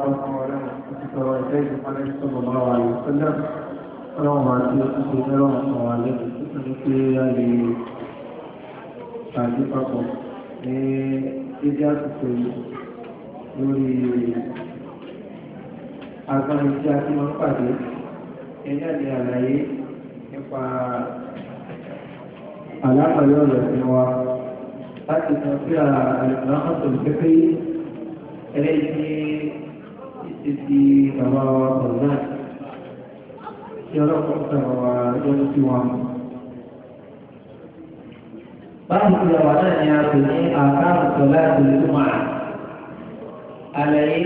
وعلى مولانا وصحبه وسلم على صلى الله عليه وسلم اللهم صل وسلم على سيدنا محمد papọ̀ ní dídí àsìkò lórí agbára tí a ti máa ń pàdé ẹni àti àlàyé nípa àlámọ̀lẹ́ ọ̀rọ̀ ẹ̀sìn wa láti sọ pé àlùmọ́ ọ̀sẹ̀ pépé eléyìí títí bàbá wa ọ̀dọ́ tí ọlọ́pàá sọ̀rọ̀ wa lọ́dún sí wọn. báwo ni àwọn náà ni a pè ní àkáàrùn sọ̀lá ìgbìlúmọ̀ àlàyé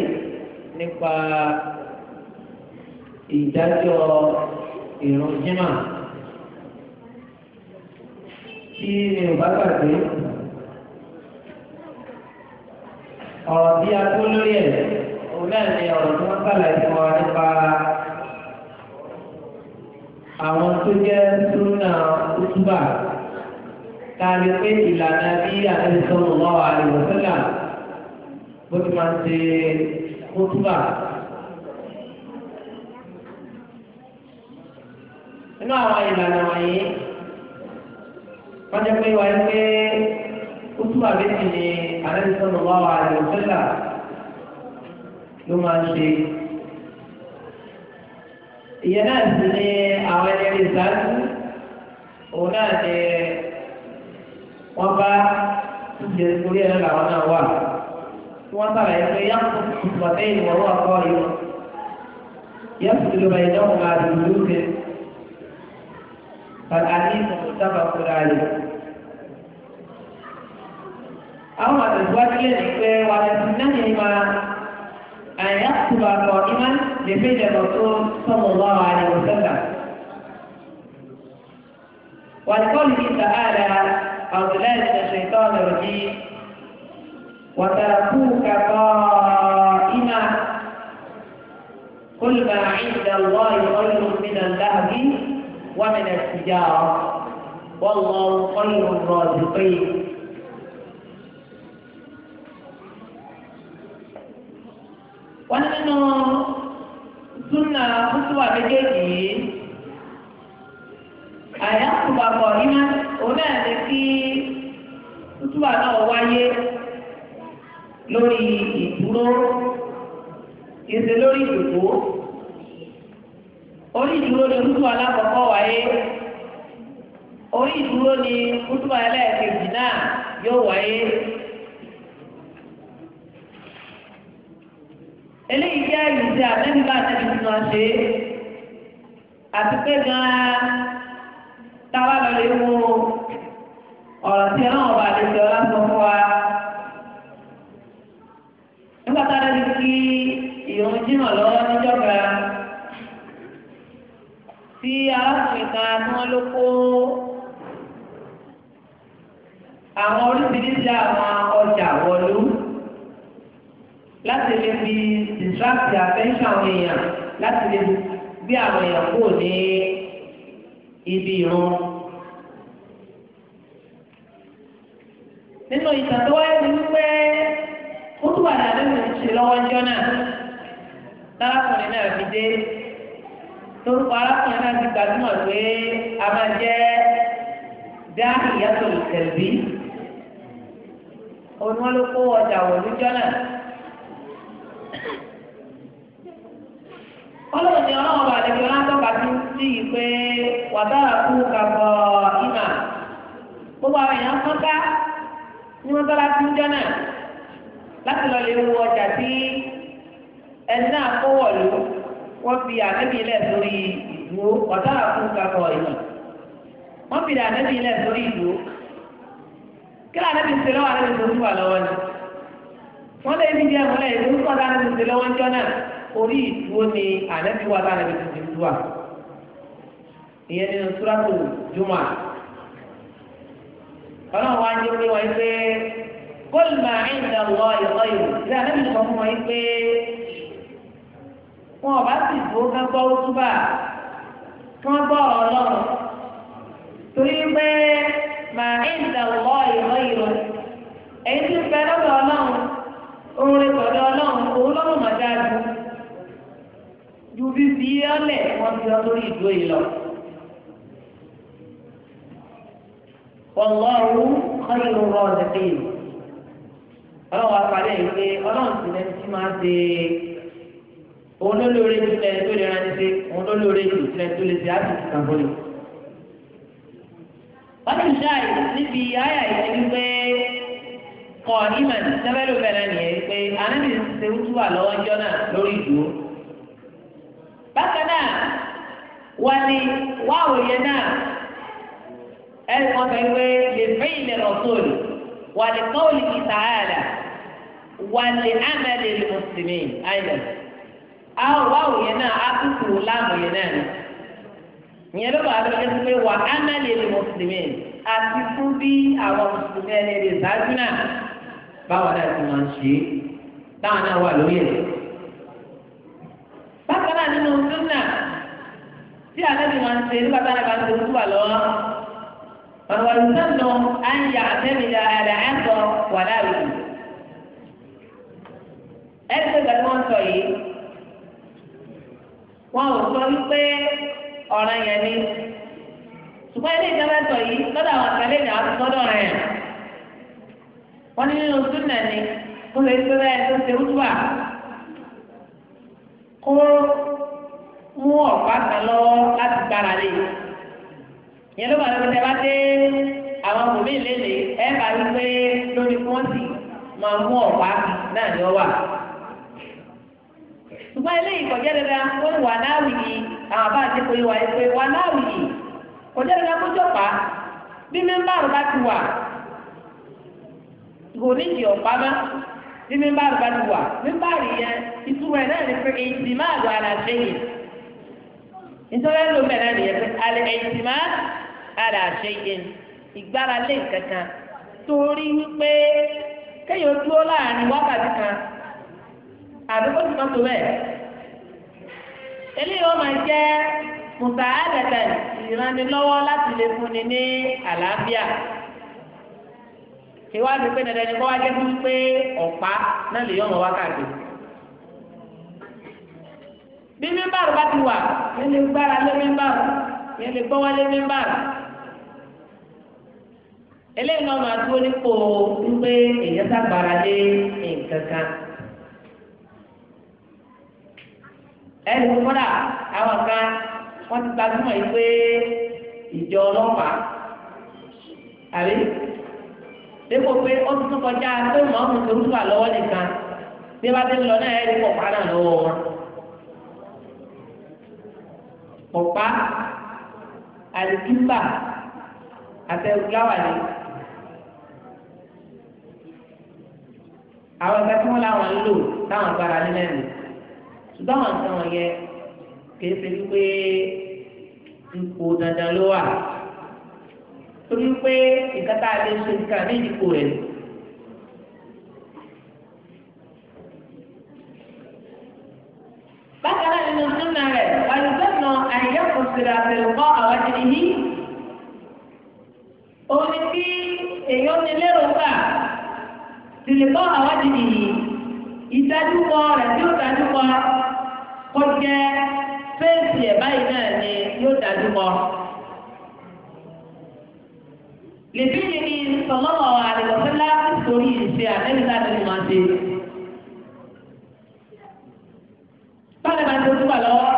nípa ìdájọ́ ìrun jímà tí mi ò bá gbàgbé ọ̀rọ̀ bí a kó lórí ẹ̀ òun náà ni ọ̀rọ̀ tí wọ́n sàlàyé fún wa nípa àwọn tó jẹ́ súnà òtúbà tàbí pé ìlànà bí àtẹ̀lẹ́ sọ̀rọ̀ lọ́wọ́ àlùwọ̀sọ́là bó ti máa ń ṣe òtúbà. inú àwọn ìlànà wọ̀nyí wọ́n jẹ́ pé wáyé pé òtúbà méjì ni àtẹ̀lẹ́ sọ̀rọ̀ lọ́wọ́ àlùwọ̀sọ́là ló máa ń ṣe. ìyẹn náà sì ni àwọn ẹni ìsáájú òun náà ni wọ́n bá ṣíṣe orí ẹ̀rọ làwọn náà wà. tí wọ́n sábà yẹ pé yàtọ̀ ìpàdé ìwọ̀wọ́ àkọ́ yìí yàtọ̀ ìjọba ìdáhùn máa dùn lókè. فالحديث متفق عليه أما الزواج يجب أن يكون أن يقتل قائما لفعل الرسول صلى الله عليه وسلم ولقوله تعالى أو ذلك الشيطان الرجيم وتركوك قائما قل ما عند الله خير من اللهو ومن التجارة والله خير الرازقين súnà kútùwà méjèèjì yìí àyàkùbàbọ̀ iná òun náà lè kí kútùwà náà wáyé lórí ìdúró ìṣe lórí ìdòdó orí ìdúró ni kútùwà alákọ̀ọ́kọ́ wáyé orí ìdúró ni kútùwà ẹlẹ́ẹ̀kejì náà yóò wáyé. eléyìí jẹ́ ìrísí àtẹ́nibà àtẹ́nibà tí wọ́n ṣe àti pé gan-an táwa lọ lè mú ọ̀rọ̀ tí ọlọ́run ọba àdéhùn ọlá sọ fún wa. nígbà tá a lè kí ìrún jìnnà lọ́wọ́ níjọba tí arákùnrin kan tí wọ́n ló kó àwọn oríṣiríṣi àwọn ọjà wọ̀lú láti lè fi distract attention àwọn èèyàn láti lè gbé àwọn èèyàn kúrò ní ibi ìrun. nínú ìtàn tó wáyé ni wípé ó tún wà lálẹ́ òun ṣe lọ́wọ́ jọ́ náà lárakùnrin náà fi dé torúkọ arákùnrin náà ti gbajúmọ̀ pé a máa jẹ́ dá ìyàtọ̀ ìtẹ̀lẹ́bí òun wọn ló kó ọjà wọ̀lú jọ́ ọlọ́run ni ọlọ́run bá lẹ́yìn ọlọ́tọ́ka ti sí i pé kú gbogbo àwọn èèyàn kan ní wọ́n tọ́lá ti ń láti lọ lè wo ọjà tí ẹni náà kó wọ́n fi ilẹ̀ sórí ìdúró wọ́n lé ní díẹ̀ mọ́lẹ̀ ìlú kọ́dá ní ti lọ́wọ́ jọ náà orí ìdúró ni ànẹ́bí wà láàrin ibi tuntun tó wà ìyẹn nínú súrátù jùmọ̀ ọlọ́run wá ní orí wọ́n pé kóòlù máa ń da wọ́ ìkọ́ ìlú tí ànẹ́bí sọ fún wọn pé wọn ò bá sì dúró ká gbọ́ túbà kí wọ́n gbọ́ ọlọ́run torí pé máa ń da wọ́ ìkọ́ ìlú èyí tí ń bẹ lọ́dọ̀ ọlọ́run oore tọ̀dọ̀ ọlọ́run òun lọ́rùn mà dáadu ju fífi ọlẹ̀ wọn fi ọ lórí ìdó yìí lọ. Wallahu khayrur raziqin. ọlọ́run apàdé yìí pé ọlọ́run sì lẹ́nu tí máa ṣe òun ló lóore jù lẹ́nu tó lè rántí pé òun ló lóore jù lẹ́nu tó lè ṣe àtúntò kan bọ́lẹ̀. wọ́n ti ṣáà níbi àyà yìí wípé kọ ìmọ̀ sẹ́fẹ́lú bẹ́ẹ̀ náà nìyẹn pé anábì ṣe ń túwà lọ́wọ́ jọ náà lórí ìdúró. bákan náà wà ní wáwò yẹn náà ẹ̀rí kan fẹ́ pé lè fẹ́ ilẹ̀ rọ̀tòlù wà ní kọ́ọ̀lì kìtà àlà wà ní àmẹ́lẹ̀ mùsùlùmí àìlẹ̀. àwọn wáwò yẹn náà á kúkú láàmù yẹn náà ìyẹn ló bá a pé wà àmẹ́lẹ̀ mùsùlùmí àti fún bí àwọn mùsùlùmí ẹni rè sáájú náà báwa náà ti máa ń ṣe é táwọn náà wà lórí ẹ̀. bákan náà nínú sunna tí àlejò máa ń ṣe nígbà táwọn náà bá ń ṣe kúkú wà lọ́wọ́ ọ̀rọ̀ ìsọ̀nù à ń yà àtẹ́mìlà àlẹ́ ẹ̀sọ́ wà láàrin. ẹ̀sẹ̀ gbẹ̀rẹ̀ wọ́n sọ yìí wọn ò sọ wípé ọ̀ràn yẹn ni ṣùgbọ́n ilé ìjọba sọ yìí lọ́dọ̀ àwọn àkàlẹ́ àti lọ́dọ̀ rẹ̀ wọ́n ní nínú súnà ni tó lè tó bẹ́ẹ̀ tó ṣe wútúbà kó mú ọ̀pá kan lọ láti gbára lé yẹn ló bá lọ tẹ bá dé àwọn kò mí lélẹ ẹ bá rí pé lórí pọ́ǹsì máa mú ọ̀pá náà ni ó wà. ṣùgbọ́n eléyìí kọjá dandan ó ní wà láwì yìí àwọn àbá àti ìpolówó àìpé wà láwì yìí kọjá dandan kó jọ̀pá bí mẹ́mbà rẹ̀ bá ti wà gòríjì ọ̀pámá ní mímbàrú bá ti wà mímbàrú yẹn ìtumọ̀ ẹ̀ náà ní pé èyí máa lọ ara ṣẹ́yìn nítorí ẹ̀ ló mẹ́rin náà nìyẹn pé alẹ́ èyí máa ara ṣẹ́yìn ìgbára lé kankan torí wípé kéèyàn dúró láàrin wákàtí kan àbí kó ti mọ́tò bẹ́ẹ̀. eléyìí ó máa jẹ́ mùsàádàtà ìrànlọ́wọ́ láti lè fúnni ní àlàáfíà. ìwà ti pé dandan ni kọ́ wá jẹ́ fún pé ọ̀pá náà lè yọ ọmọ wákàtí. bí mímbàrú bá ti wà yẹn lè gbára lé mímbàrú yẹn lè gbọ́ wálé mímbàrú. eléyìí náà máa dúró nípò wípé èèyàn sábàrà lé nǹkan kan. ẹnì dépò pé ó ti tún kọjá pé mọ́mú tó ń fà lọ́wọ́ nìkan bí wọ́n ti ń lọ náà ẹ̀rí pọ̀pá náà lọ́wọ́ wọn. pọ̀pá àlùkíńbà àtẹ̀wùláwàlì àwọn ẹgbẹ́ tí wọ́n láwọn ń lò táwọn agbára nílẹ̀ nù ṣùgbọ́n àwọn nǹkan wọ̀nyẹn kì í ṣe wípé ipò dandan ló wà torí pé nǹkan tá a lè ṣe nǹkan ní ìdìbò rẹ̀. bákan náà nínú súnà rẹ̀ wàlúùfẹ́ nà àyè kò síra àbẹ̀rù kọ́ àwọn ti yí. òun ni kí èèyàn ní lérò gbà sílẹ̀ kọ́ àwọn ti yí ìdájú kọ rẹ̀ tí ó dájú kọ kó jẹ́ fèsì ẹ̀ báyìí náà ni yóò dájú kọ lèbi yìí ni sọlọ́mọ àdìgbòsílá torí ìṣe àtẹ́nìta ni mo máa ṣe. báyìí máa ń tẹ́tí wà lọ́wọ́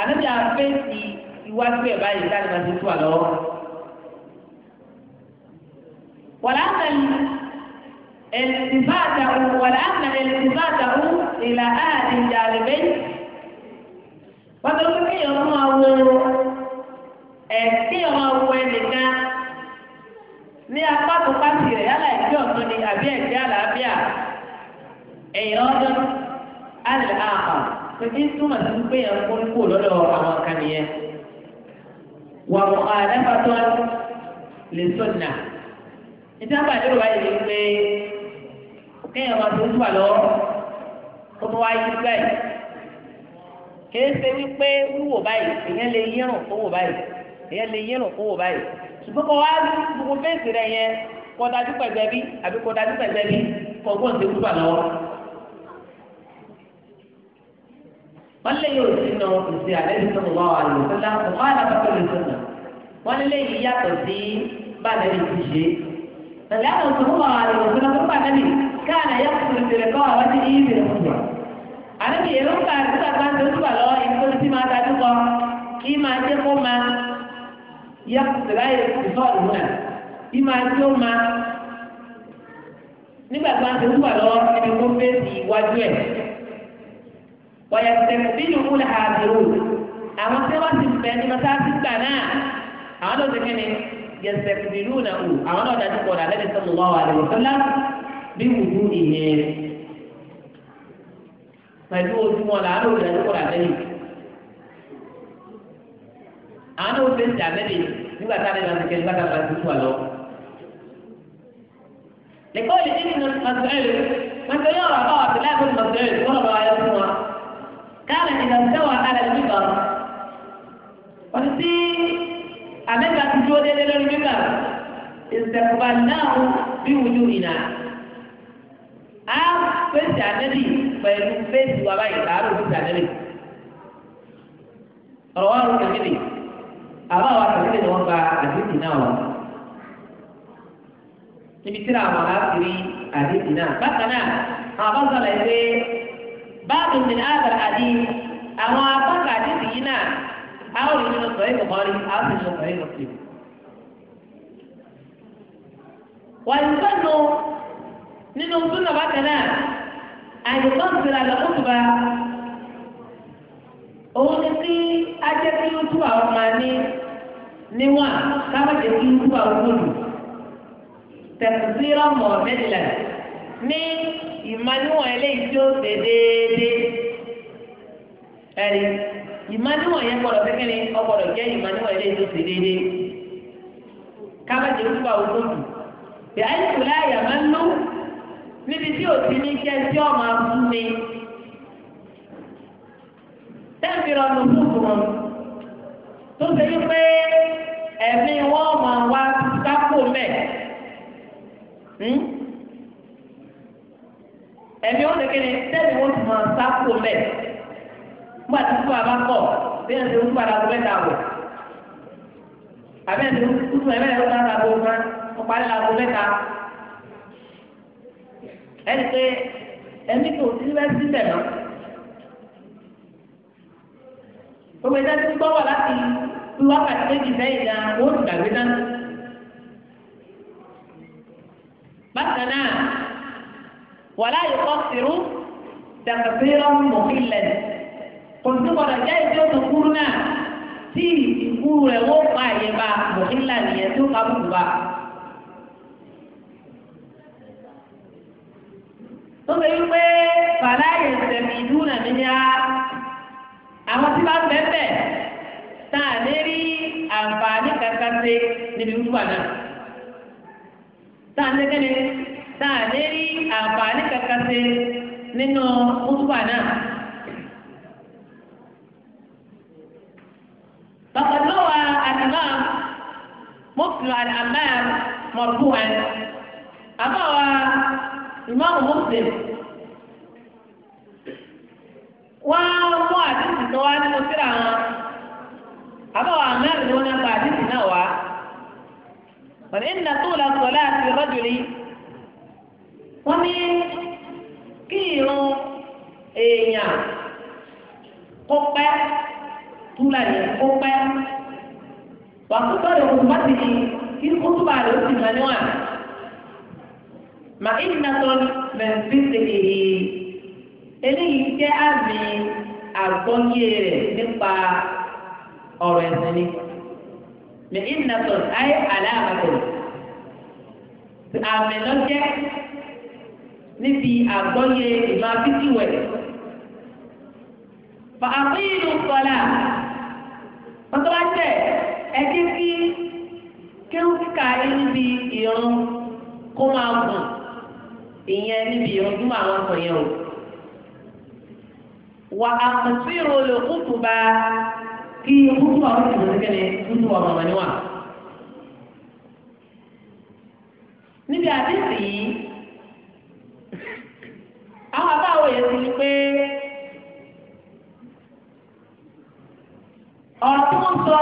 àdébí àfẹ́sì iwájú ẹ̀ báyìí báyìí máa ń tẹ́tí wà lọ́wọ́. ولأن التفاته ولأن التفاته إلى أحد الجانبين فتقول يا الله ẹ̀sìn ọmọ wo ẹnìkan ní apá tó pàṣẹ rẹ̀ yálà ẹ̀sìn ọ̀tún ni àbí ẹ̀sìn àlàáfíà ẹ̀yìn ọdún alẹ́ àpà tòbí túmọ̀ sí pé ẹ̀ ń kó kó lọ́dọ̀ àwọn kan nìyẹn. wà mọ̀ àdáfàtọ́ lè sọ̀nà ìjábà lérò báyìí ni pé kéèyàn máa tó ń fà kó tó wá yí báyìí kèé ṣe wípé wíwò báyìí èèyàn lè yírùn kó wò báyìí èyàn lè yírun kó wò báyìí ṣùgbọ́n kọ́ wá gbogbo fèsì rẹ̀ yẹn kọ́ dájú pẹ̀gbẹ́ bí àbí kọ́ dájú pẹ̀gbẹ́ bí kọ́ gbọ́n ti kúbà lọ́wọ́. wọ́n lé yóò sí náà kò sí àlẹ́ ìlú sọ́mù wá wàlú sọ́lá kò má dábàá pẹ̀lú sọ́nà wọ́n lé yìí yàtọ̀ sí bàtà lè ti ṣe. Tẹ̀lé àwọn sọ́mù wá wàlú sọ́lá tó bàtà lè yà kúrò tẹ̀lé kọ́ àwọn yá sìláyé ìfọ̀rù náà ìmọ̀ àti ó máa nígbà tí wọ́n ti wúwà lọ́wọ́ ẹni tó fẹ́ sí iwájú ẹ̀ wọ́n yẹ tẹ̀lé bí ìlú múlẹ̀ àbẹ̀wò àwọn tí wọ́n ti bẹ̀ ní mọ́tàkì gbà náà àwọn tó ti kí ni yẹ tẹ̀lé bí ìlú náà wù àwọn náà dájú pọ̀ náà lẹ́yìn sọ́mu wá wà lẹ́yìn sọ́lá bí wùdú ìyẹn pẹ̀lú ojú wọn làárọ̀ pọ̀ náà lẹ́yìn àwọn náà ó ṣe ń tẹ àlẹ́bí nígbà tá a lè máa ti kẹ́ nígbà tá a máa ti tú àlọ́. lẹ́kọ́ ìdí nínú màtúrẹ́lì màtúrẹ́lì ọ̀rọ̀ àbá wà sílẹ̀ àbúrò màtúrẹ́lì wọ́n bá wáyé fún wa. káàlà ìdá sẹ́wà alẹ́ nígbà wọ́n ti àmẹ́ta ti dúró déédéé lórí nígbà ìsẹ̀kùbà náà bí wùdú ìnà. a fèsì àlẹ́bí pẹ̀lú fèsì wàbá ìgbà àrò fèsì àlẹ́bí. ọ̀rọ̀ wa rò àmọ́ àwọn àtàlẹ́ ni wọ́n gba àdéhùn náà wà. níbi tí àwọn aláàbírí àdéhùn náà bákan náà àwọn bá sọ̀rọ̀ ẹ̀ pé báàbù mi náà bẹ̀rẹ̀ àdé àwọn abáka àdéhùn yìí náà àwọn òyìnbó lọ sọ̀rọ̀ ìkọ̀kọ̀ rí àwọn òyìnbó sọ̀rọ̀ ìkọ̀kọ̀ rí. wà ní sọ́nù nínú súnà bákan náà àyè òun ni kí ajẹ́ kí ó tú àwọn máa ní níwọ̀n káwọ́jẹ́ kí ó tú àwọn olù tẹ̀síra mọ̀ mẹ́tìlá ní ìmánúwọ̀n eléyìí tí ó ṣe déédéé ẹ̀rí ìmánúwọ̀n yẹn gbọ́dọ̀ kékeré ọgbọ́dọ̀ jẹ́ ìmánúwọ̀n eléyìí tó ṣe déédéé káwọ́jẹ́ kí ó tú àwọn olù bí àìsùn láyà máa ń lò níbi tí ò ti ní kí ẹ tí ọ máa tẹ́sìrọ̀ nùfúùfùrọ̀ tó ṣe wípé ẹ̀mí wọn máa wá sápò mẹ́ hmm? ẹ̀mí wọn lè kéde tẹ́sìrọ̀ wọn máa sápò mẹ́ nígbà tí kú àbá kọ̀ bí ẹ̀sìn ń padà tó mẹ́ta wọ̀ àbẹ́ ẹ̀sìn ń tún ẹ̀mẹ́ ẹ̀rọ náà tó máa ń parí la tó mẹ́ta ẹ̀sìn pé ẹ̀mí tó ti rẹ́ sílẹ̀ náà. gbogbo ẹ̀dá tí gbọ́ wà láti wákàtí méjì sẹ́yìn náà wọ́n ti gbàgbé náà. bákan náà wàlá ìkọ́ sírú dàgbàsíra mọ̀kílẹ̀ kòtùkọ̀dà jẹ́ ìdí òtún kúrú náà tí ìkúrú rẹ̀ wọ́n pa àyè bá mọ̀kílẹ̀ nìyẹn tó ká bùkù bá. tó bẹ wípé fàlàyé sẹ̀mí ìdúnà mi ní á àwọn tí wọ́n bẹ́ẹ̀ bẹ́ẹ̀ tá a lè rí àǹfààní kankan ṣe níbi wúwà náà tá a lè kẹ́ni tá a lè rí àǹfààní kankan ṣe nínú wúwà náà. فقد روى الإمام مسلم عن عمار مرفوعا أما إمام مسلم wọ́n á mú àdìsí tó wá nínú síra wọn àbáwọ̀ àmẹ́rin ni wọ́n náà gba àdìsí náà wá. wọ́n ní nà tó la sọ̀lá àti rọ́jòlì wọ́n ní kí irun èèyàn kó pẹ́ túlà yẹn kó pẹ́ wà kó gbọ́dọ̀ bá ti ní kí kó eléyìí jẹ́ àmì àgbọ́yé rẹ̀ nípa ọ̀rọ̀ ẹ̀sìn ni lè ìnàtọ̀ ayé àlàáfẹ́ àmì lọ́jẹ́ níbi àgbọ́yé ìlú abíkíwẹ̀ fàáfíìlú kọlá pàtàkì ẹ jẹ́ kí kéwù kíkà yín níbi ìrún kó máa gùn ìyẹn níbi ìrún tó máa wọ́n sọ yẹn o wà á sí ìrọ̀lẹ̀ kútù bá kí kútù àwọn ìṣòro ti kẹ́lẹ̀ kútù àwọn ọmọ níwà. níbi àdéhùn yìí àwọn àbáwò yẹn ti ní pé ọ̀rọ̀ tí wọ́n sọ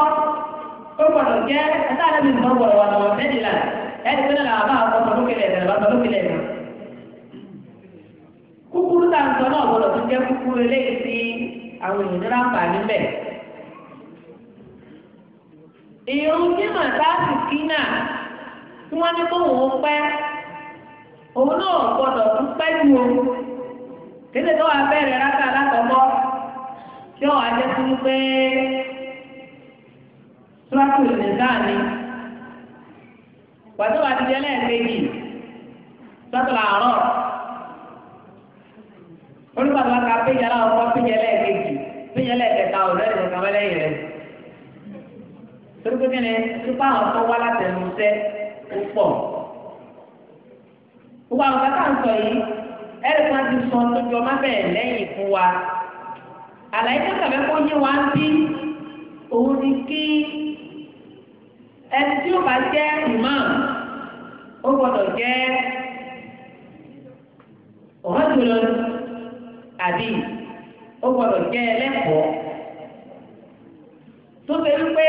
ó gbọ́dọ̀ jẹ́ ẹ̀dá àdébìnrin náà gbọ́dọ̀ wà lọ́wọ́ mẹ́rìnlá ẹ̀ẹ́dẹ́gbẹ́rẹ́ làwọn àbáwò sọ lókè lẹ́ẹ̀dẹ̀ lọ́sọ lókè lẹ́ẹ̀dẹ̀. jẹ́ kúkú eléyìí sí àwọn èèyàn náà fà níbẹ̀. ìrún tí mà sáàsì kí náà tí wọ́n ní kóhùn ó pẹ́ òun náà gbọ́dọ̀ tún pẹ́ ju o kéde tó wà bẹ̀rẹ̀ rákà látọ̀gbọ́ tí ó wà jẹ́ sí pé tíwájú ìdìzáà ni pàtó wà ti jẹ́ lẹ́ẹ̀kejì sọ́tò àárọ̀ olùbàdàn aka péjẹ aláwọ kọ péjẹ lẹ́ẹ̀kejì péjẹ lẹ́ẹ̀kẹta ọ̀rẹ́ rẹ̀ kàwé lẹ́yìn rẹ̀ torípé kíni tupa àwọn tó wá látẹnusẹ púpọ̀ gbogbo àwọn kàkà ń sọ yìí ẹ̀rì kan ti sọ tójú ọmọ bẹ́ẹ̀ lẹ́yìn fún wa àlàyé tó kàwé kó yé wa ń bí òun ni kí ẹni tí ó bá jẹ́ imam ó gbọ́dọ̀ jẹ́ ọ̀hún jùlọ àbí ó gbọ́dọ̀ jẹ́ ẹlẹ́kọ̀ọ́ tó ṣe wípé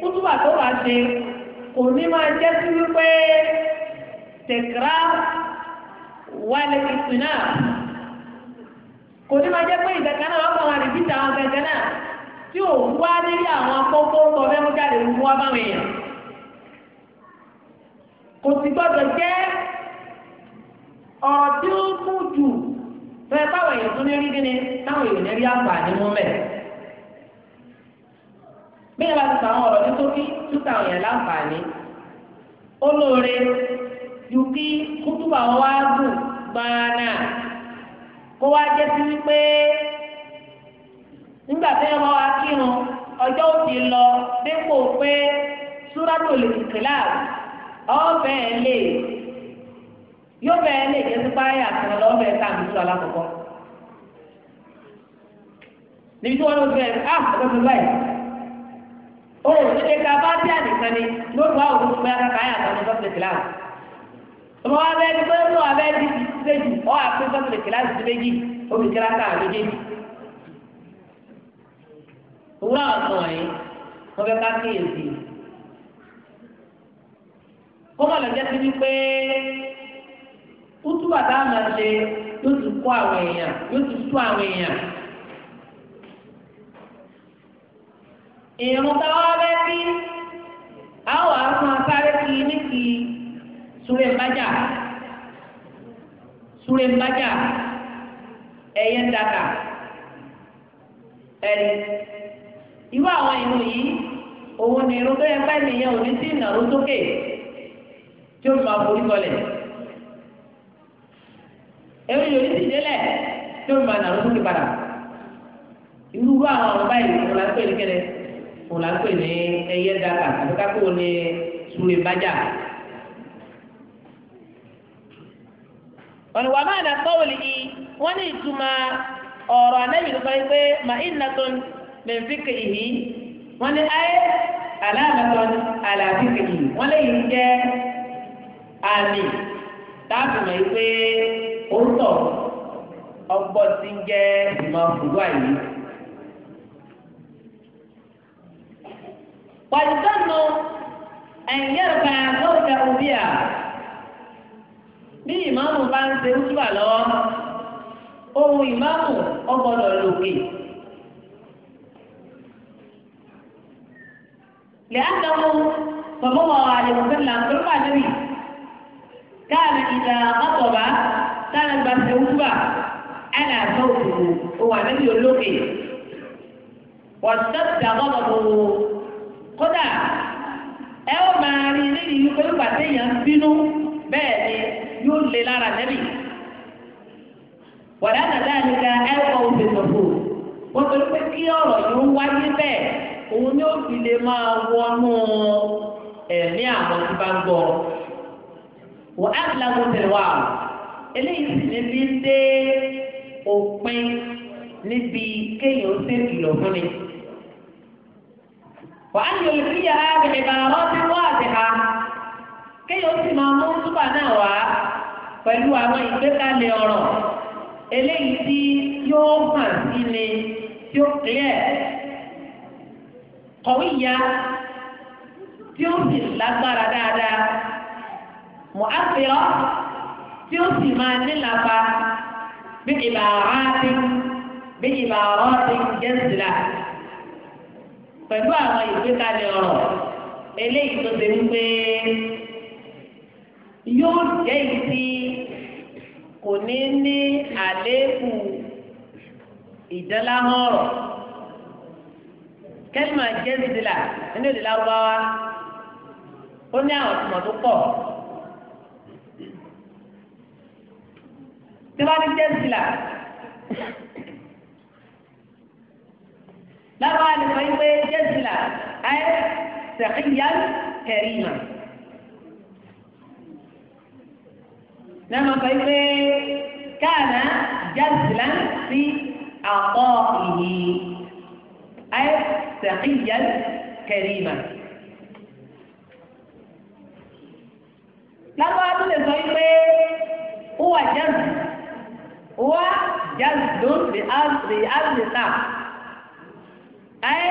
kútùbà tó wà ṣe kò ní máa jẹ́ sí wípé tẹ̀kra wálé ìsìn náà kò ní máa jẹ́ pé ìdẹ̀ka náà wọ́n kàn wá rìbítì àwọn gẹ́gẹ́ náà tí ò ń wá nílé àwọn akọ́kọ́ tó fẹ́ mú jáde ń wá báwọn èèyàn kò sì gbọ́dọ̀ jẹ́ ọ̀rọ̀ tí ó mú jù fẹ́ bá èèyàn tún ní rí kíni táwọn èèyàn ní rí àǹfààní mú mẹ́. bí ẹ bá ti sàwọn ọ̀rọ̀ ní sókí tún táwọn èèyàn láǹfààní ó lóore ju kí kútùbà wọn wá gùn gbáná kó wá jẹ́ sí wípé nígbà tí ẹ bá wá kírun ọjọ́ òsì lọ dépò pé súrátò lè kìkìlá ọ̀fẹ́ ẹ̀ lè yóò bẹ̀ẹ́ lè jẹ́ sípáyà kan lọ́bẹ̀ẹ́ sáà nìṣó alákọ̀ọ́kọ́ níbi tí wọ́n lọ bẹ̀rẹ̀ á ah, àgbẹ̀fẹ̀ báyìí. ó oh, ṣe ká bá dé àdìkan ni lóòótọ́ àwọn olùkọ́ bẹ́ẹ̀ ká káyà àtàwọn sọ́ọ̀tì kìláàsì. ọmọ wa bẹ́ẹ̀ dípẹ́ ní wa bẹ́ẹ̀ di méjì ọ́ àpé sọ́ọ̀tì kìláàsì ti méjì omi kíra ká àgbèjì. òwúrọ̀ àwọn ọ̀sán wọ̀nyí wọ́n fẹ́ ká kíyèsí. kọ́mọ̀ lọ́jọ́ ti ní pé kútùbà táwọn máa ṣe yóò ti kó àwọn èèyàn yóò ti tú àwọn èèyàn ìrún táwọn abẹ́ sí àwọn àwọn sáré kí ní kí súré mbájà súré mbájà ẹ̀yẹ dàkà ẹ̀rí irú àwọn ìrún yìí òun ni irun tó yẹ ká ènìyàn ò ní sí ìnáwó sókè tí ó máa forí sọlẹ̀ ẹ̀rí yòó ní sì délẹ̀ tí ó máa nàró sókè padà irú àwọn àwọn báyìí ìrún la ń pè òun là ń pè ní ẹyẹ dàkà àbí ká kó ní sùúrù bájà. wọ́n ní wàá máa nà sọ́wọ́lì yìí wọ́n ní ìtumọ̀ ọ̀rọ̀ anábì tó fẹ́ pé mà ìnà tó mẹ̀ fi kè yìí wọ́n ní ayé aláàmọ̀tọ́ àlàáfíà kè yìí lè yìí jẹ́ àmì táàbù mọ̀ pé ó ń tọ̀ ọgbọ́n ti ń jẹ́ ìmọ̀ fùdú àyè. ويظن أن يرفع زوجه بها bí ìmáàmù bá ń ṣe útúbà lọ́wọ́ ohun ìmáàmù ọgbọ́dọ̀ lòkè. lẹ́yìnàmú bàbáwọ̀ àlẹ́mọ̀sẹ́là tó bá lórí káàmì ìlà ọ̀tọ̀bá táwọn ìgbà ṣe útúbà ẹ̀nà àtọ́ òkùnkùn òwò àlẹ́bí olókè wọ́n ti tẹ́tí àbọ̀bọ̀ bò wò kódà ẹ ó máa rí lẹ́yìn yìí pé pàṣẹ èèyàn ń bínú bẹ́ẹ̀ ni yóò lé lára nẹ́bì. wàdà nàdá àlejò ẹ kọ́ òfin lọ́fọ̀ wọ́n torí pé kí ọ̀rọ̀ yìí ń wáyé bẹ́ẹ̀ òun ni ó fi lè máa wọnú ẹ̀mí àwọn tí bá ń gbọ́. wọ́n á ti lágbo tẹ̀lé wa eléyìí sì ní bí dé òpin níbi kéèyàn ó ṣèkìlọ̀ fún mi. وأن يلقيها بعبارات واضحة كي يوسف مامون سبحانه pẹ̀lú àwọn ìgbékalẹ̀ ọ̀rọ̀ eléyìí tí yóò hàn sí ni tí ó kílẹ̀ kọ̀wé ìyá tí ó sì lágbára dáadáa mọ̀ á fi ọ́ tí ó sì máa nílapa bí ìbàrá ti bí ìbàrá ti jẹ́ sílá pẹ̀lú àwọn ìgbékalẹ̀ ọ̀rọ̀ eléyìí tó ṣe wípé yóò jẹ́ ìdí kò ní ní àléébù ìdánláhàn ọ̀rọ̀ kẹ́lìmà jẹ́sìdìlà nínú ìdílé arúgbáwá ó ní àwọn ọ̀túnmọ̀ tó pọ̀ tí wọ́n á ní jẹ́sìdìlà. دبا نفايو جزلا أي سخيا كريما نما فايو كان جزلا في عطائه أي سخيا كريما لما أقول فايو هو جزل هو جزل بأرض بأرض أي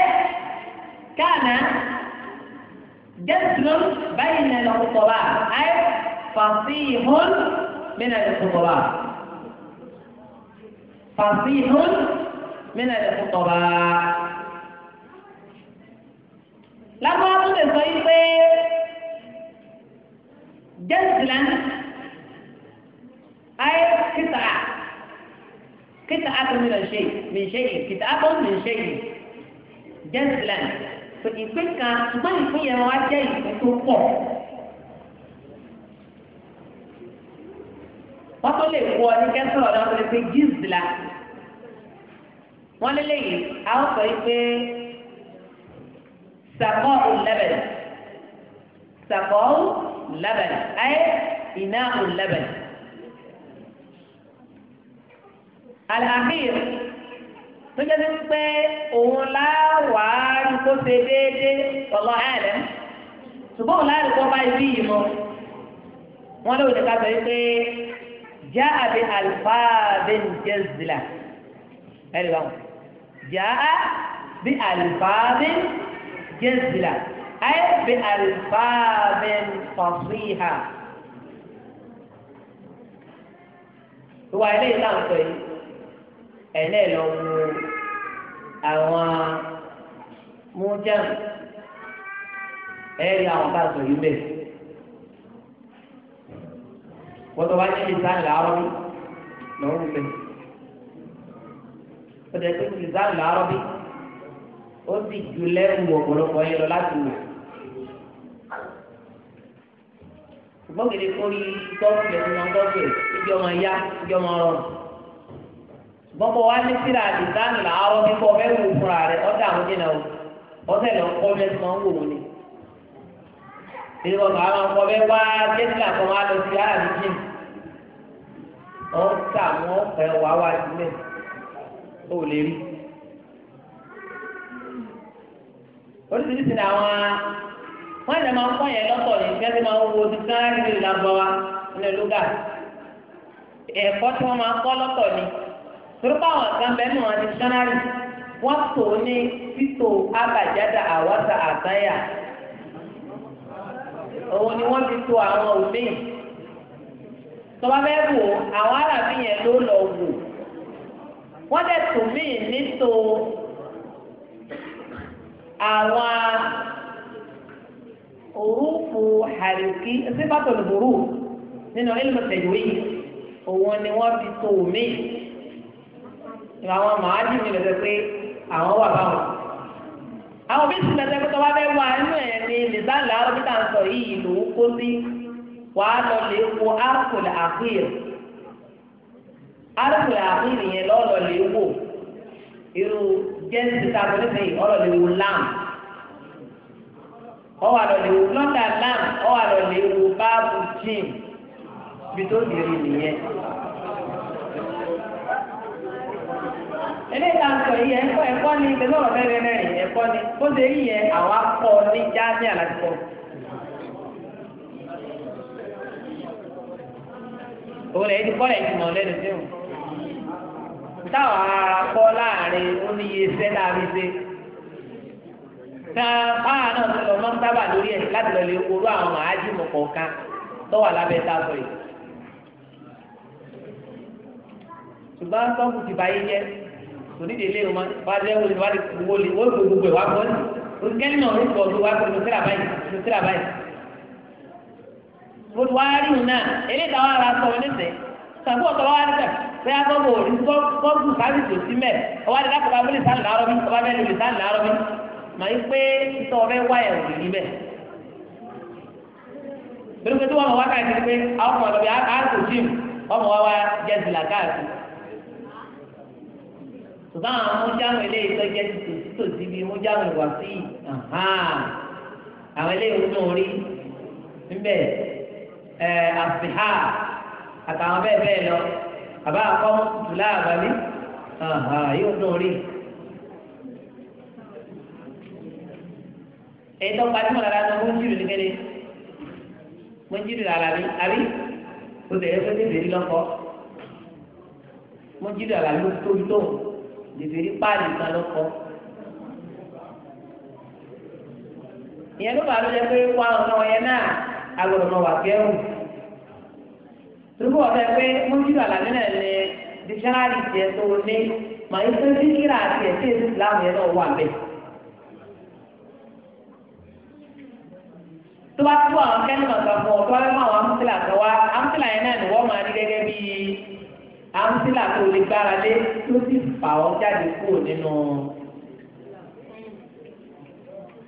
كان جسر بين الخطباء أي فصيح من الخطباء فصيح من الخطباء لما أقول صيف جسلا أي قطعة قطعة من الشيء من شيء قطعة من شيء gẹ́sìlẹ̀n tó ìpín kan ṣùgbọ́n ìpín yẹn wá jẹ́ ìpín tó pọ̀. wọ́n tó lè wọ ní kẹ́sọ̀ ọ̀dọ́ tó lè pe jíìsìlá wọ́n lélẹ̀ yìí àwọn sọ yìí pé sàkọ́ lẹ́bẹ̀rẹ̀ sàkọ́ lẹ́bẹ̀rẹ̀ ayé ìnáwó lẹ́bẹ̀rẹ̀. الأخير tó jẹ́ sí pé òun láwàárí tó ṣe déédéé ọ̀lọ́ àlẹ́ ṣùgbọ́n òun láàrín kọ́ bá ibi yìí mọ́ wọ́n lé òdìka sọ pé já àbí àlùfáàbẹ̀ ǹjẹ́ zìlà ẹ̀rí wa já bí àlùfáàbẹ̀ ǹjẹ́ zìlà ayé bí àlùfáàbẹ̀ fàṣíhà. ìwà ilé ìlànà sọ yìí. ẹlẹ́ẹ̀ lọ wo àwọn mújàm ẹ̀rí àwọn bá sọ yìí bẹ́ẹ̀. wọ́n tó bá ní làárọ̀ bí lọ́rùn bẹ́ẹ̀. ó jẹ́ pé ìsán làárọ̀ bí ó sì ju lọ láti wò. ṣùgbọ́n kìdí kórìí tọ́sí ẹ̀sìn náà tọ́sí ẹ̀ ya, rọrùn. bọ́mọ wa ní síra àdìsánù na bí kò fẹ́ wù fúnra rẹ̀ ọ̀dà àwọn jìnnà o ọ̀sẹ̀ lọ kọ́ bẹ́ẹ̀ tí wọ́n ń wò wọ́n ni. bẹ́ẹ̀ wá lọ sí jìn. ọ̀sà wọn wá sílẹ̀ ó lè rí. oríṣiríṣi ni àwọn wọn lè máa ń yẹn lọ́tọ̀ ní ń wo ti wa turba wọn kan bẹ́ẹ̀ ní wọn dictionary wọn tó ní títò abàjáde àwọ̀tà àtàyà òun ni wọn fi tó àwọn òmíì tọba bẹ́ẹ̀ wò àwọn arábí yẹn ló lọ wò wọn dẹ tó míì nítò àwọn òrùkù hàrìkì sípàtò lùbùrù nínú ilmu tajwid òun ni wọn fi tó òmíì. àwọn màálì mi lọ́sẹ̀ pé àwọn wà báwọn. àwọn bí sùn lọ́sẹ̀ pé tọ́wọ́ bẹ́ẹ̀ wà nínú ẹ̀ ní nìdánlá ọ̀rọ̀bítà ń sọ yìí ìlú kó sí wàá lọ lè wo árùkùlà àkúyè árùkùlà àkúyè yẹn lọ́ọ̀lọ́ lè wò irú lè lam ọ̀wà lọ lè lam ọ̀wà lọ lè báàbù bí ilé ìtàkùn yìí ẹ̀kọ́ ẹ̀kọ́ ni ìgbésẹ̀ ọ̀rọ̀ mẹ́rin mẹ́rin ẹ̀kọ́ ni ó ṣe yí yẹn àwa kọ́ ní jáde àlàkọ́. òun rẹ̀ ti kọ́ ẹ̀ jùmọ̀ lẹ́nu sí òun. táwọn ara kọ́ láàrin oníye iṣẹ́ láàrin ṣe. táwọn náà ti lọ máa ń sábà lórí ẹ̀ láti lọ lè orú àwọn màájìmọ̀ kọ̀ọ̀kan tó wà lábẹ́ táwọn yìí. ṣùgbọ́n sọ́kù ti báyé jẹ́ onídìí ilé wọn wá jẹ́ wọlé wá wọlé wọ́n gbogbo gbogbo ẹ̀ wá bọ́ ní oníkẹ́ni náà ń bọ̀ wá pẹ̀lú tíra báyìí pẹ̀lú tíra báyìí. mo ti wá rí òun náà eré ìdáwọ́ ara sọ wọn lẹ́sẹ̀ sàbí ọ̀tọ̀ wá rí sàbí bẹ́ẹ̀ agbọ́gbọ́ òní gbọ́gbù sáfìsì òsì mẹ́ ọwọ́ adé dákọ̀ bá bẹ́ẹ̀ sàn láàárọ̀ mi ọba bẹ́ẹ̀ lè sàn láàárọ̀ mi mà í pé ìtọ́ ọbẹ̀ ṣùgbọ́n àwọn mújáwọn eléyìí tó jẹ́ ti tòsí tòsí bíi mújáwọn ìwà sí àwọn eléyìí ń tún orí níbẹ̀ ẹ̀ àfihà àtàwọn bẹ́ẹ̀ bẹ́ẹ̀ lọ àbá àkọ́mú tutù láàbálí yóò tún orí. èyí tó pàdé mọ̀lára tó mú jírù ní kéde mú jírù àlàbí àbí o tẹ̀lé fún tẹ̀lé lọ́kọ́ mú jírù àlàbí tó tóbi tóun bèbèrè páàlì kan lọ́kọ́. ìyẹn ló bá ló jẹ pé wá ọ̀nà ọ̀yẹn náà agbọ̀dọ̀ náà wà gẹ́rù. tóbi wọ́n fẹ́ pé mójú àlàmì náà ní dísẹ́rárì tiẹ̀ tó o ní màá yẹ fẹ́ fíkìrà tiẹ̀ tí èsì ìsìlámù yẹn náà wà bẹ́ẹ̀. tó bá tó àwọn kẹ́lí màtàkùn ọ̀tọ́ ẹ̀ máa wọ amúsílà kan wá amúsílà yẹn náà ni wọ́n máa rí gẹ́gẹ́ bíi àmúsílà tó lè gbára lé tó sì fà ọ́ jáde kúrò nínú.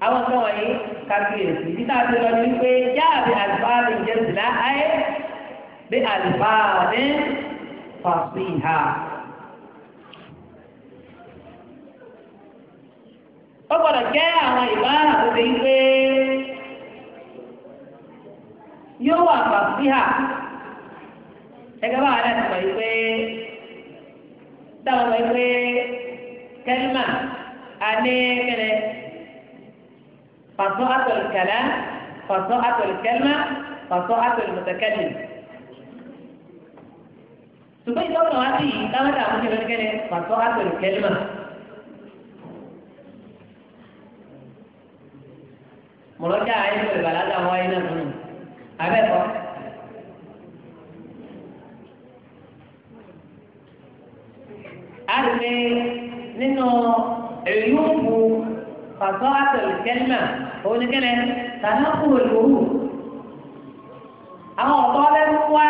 àwọn kan wọ̀nyí kàkíyèsí títà ti lọ ní wípé yáàbí àlùfáàbí ìjẹsìlá ayé bí àlùfáàbí fàṣíhà. ó gbọ́dọ̀ jẹ́ àwọn ìbára tó ti ń pé yóò wà fàṣíhà gẹ́gẹ́ bá wàhálà ti sọ yìí pé táwọn sọ yìí pé kẹ́límà àní kẹ́lẹ́ fàtọ́ àtọ̀lù kẹ́lá fàtọ́ àtọ̀lù kẹ́límà fàtọ́ àtọ̀lù mọ̀tẹ́kẹ́lì. ṣùgbọ́n ìtọ́kùn wá sí yìí táwọn dààmú ti lórí kẹ́lẹ́ fàtọ́ àtọ̀lù kẹ́límà. mọ̀lọ́jà ayélujára ìbàlájà wáyé náà fún un abẹ́kọ̀ọ́. fàtọ́ àtẹ̀lẹ́kẹ́lẹ́mà oníkẹ́lẹ́ tànáfùwò lòwù. àwọn ọ̀tọ́ lẹ́nu wá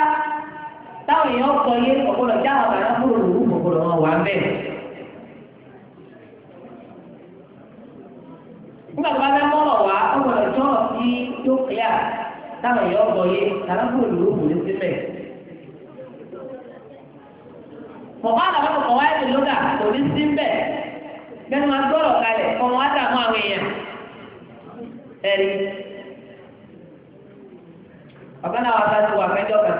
táwọn èèyàn kọ yé ọ̀gbọ́dọ̀ já àwọn tànáfùwò lòwù ọ̀gbọ́dọ̀ wọn wà bẹ́ẹ̀. nígbà tó bá fẹ́ mọ́rọ̀ wá ọ̀gbọ́dọ̀ tí ọ̀rọ̀ sí yóò kílíà táwọn èèyàn kọ yé tànáfùwò lòwù ní sílẹ̀. mọ̀ká àlọ́ bẹ́ẹ̀ máa gbọ́rọ̀ kalẹ̀ ọmọ wa dààmú àwọn èèyàn ẹ̀rí bàbá náà wà bá ti wà fẹ́jọ́ kan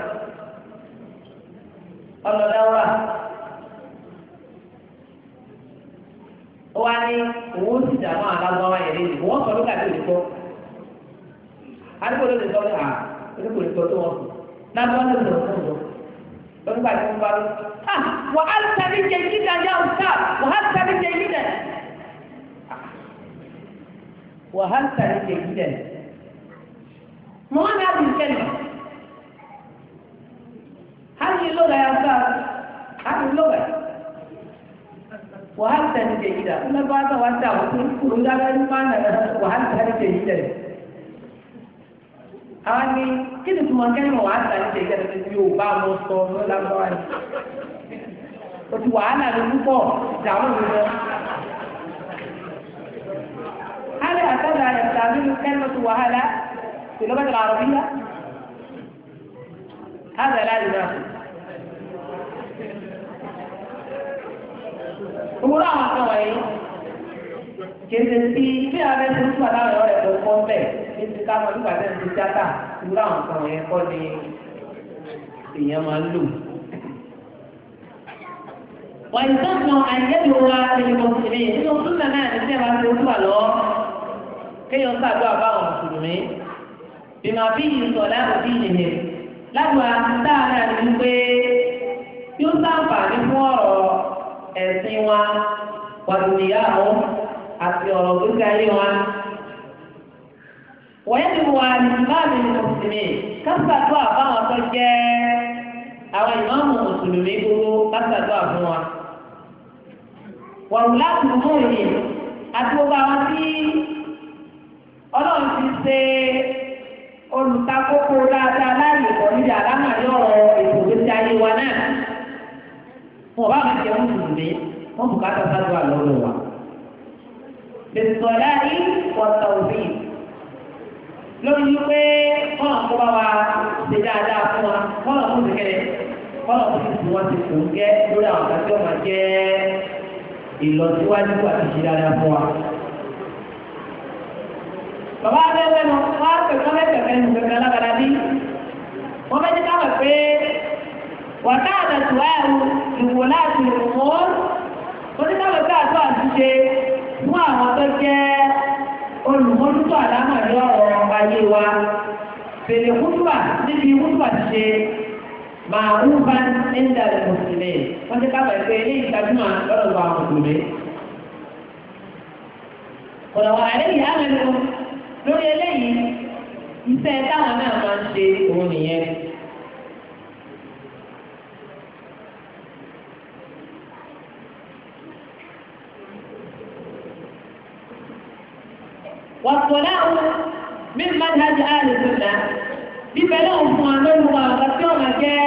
ọlọ́dáwà wá ní òun ti dààmú àwọn alágbáwá yẹn lẹ́yìn wọ́n sọ ọkụ ló tó sọ ló lọ́dún bá ti ń bá lọ. wà á sábì jẹ jíjà yá ọ̀tá wà á sábì jẹ jíjà. wà á sábì jẹ jíjà. mọ́nà àbí kẹ́lẹ̀. hali lọ́la yà sá hali lọ́la. wà á sábì jẹ jíjà. ń bá bá wà á sá wà á kúrò dáná ní pàǹdà wà á sábì jẹ jíjà àwọn ni kí ni tuma kẹ́rin wàá ta ní tẹ̀lé ẹ̀rọ tí yóò bá wọn sọ ní lágbára rẹ̀ o ti wàhálà ní púpọ̀ dàrú mi lọ. hali àtàlà rẹ̀ tàbí kẹ́rin tó wàhálà tẹ̀lé bá tẹ̀lé àrùn yíyá. هذا لا ينافي òwúrọ̀ àwọn kan wọ̀nyí kèsì tí kí abẹ́ tó ń sọ aláwọ̀ ẹ̀kọ́ bẹ́ẹ̀ níbi káwọn nígbà tẹ́ ń ṣe tíátà irú àwọn kan yẹn kọ́ ni èèyàn máa ń lò. wà á tó kan àyẹ̀dù wa ẹ̀yìn mùsùlùmí nínú súnà náà ní sẹ́wà tó wà lọ kéèyàn ṣàdúrà báwọn mùsùlùmí bìmọ̀ bí ìsọ̀lá òbí nìyẹn lágbà táà náà ní pé yóò sáǹfààní fún ọ̀rọ̀ ẹ̀sìn wa wàdùnìyàwó àti ọ̀rọ̀ gbígbé ayé wa wọ́yẹ́ ti wà ní báàmì ní mùsùlùmí kásàtó àbáwọn tó jẹ́ àwọn ìmáàmù mùsùlùmí gbogbo kásàtó àbọ̀ wọn. wàhùlá tó mú òye àti gbogbo àwọn tí ọlọ́run ti ṣe olùtakókò dáadáa láàyè pọ̀ níbi àlámàlẹ́ ọ̀rọ̀ ètò ìgbésí ayé wa náà. wọn bá wọn jẹ mùsùlùmí wọn bùkátà sáájú àlọ́ lọ wa. bẹ̀sùn ọ̀dà yìí wọ́n tọ̀ lórí pé wọ́n àkó bá wa ṣe dáadáa fún wa wọ́n àkó ṣe kẹ́lẹ̀ wọ́n àkó ṣe fún wọn ti kò ń gẹ́ lórí àwọn àti ọmọ jẹ́ ìlọsíwájú àti ṣe dáadáa fún wa. bàbá abẹ́wẹ́ nu wọ́n á pèsè ọmọ ẹ̀kẹ́kẹ́ nu kẹ́kẹ́ lágbára bí wọ́n fẹ́ ní ká mọ̀ pé wàtá àtàtúwá ẹ̀rù ìwò láti ìwò mọ́ wọ́n ní ká mọ̀ pé àtọ́ àtúnṣe fún àwọn tó jẹ́ olùmọ́lútó àlámàrí ọ̀rọ̀ ayé wa fèrè kútùbà níbi kútùbà ti ṣe máa ń bá ẹ̀ńdà mùsùlùmí wọ́n ti kábàá pé ilé ìtajúmọ̀ lọ́dọ̀ gba mùsùlùmí. ọ̀rọ̀ wà lẹ́yìn àmẹ́lú lórí eléyìí iṣẹ́ táwọn náà máa ń ṣe òun nìyẹn. والصلاة من منهج أهل السنة bíbélé òfin àlọ́lùwà ọ̀gá tí ọ̀nà jẹ́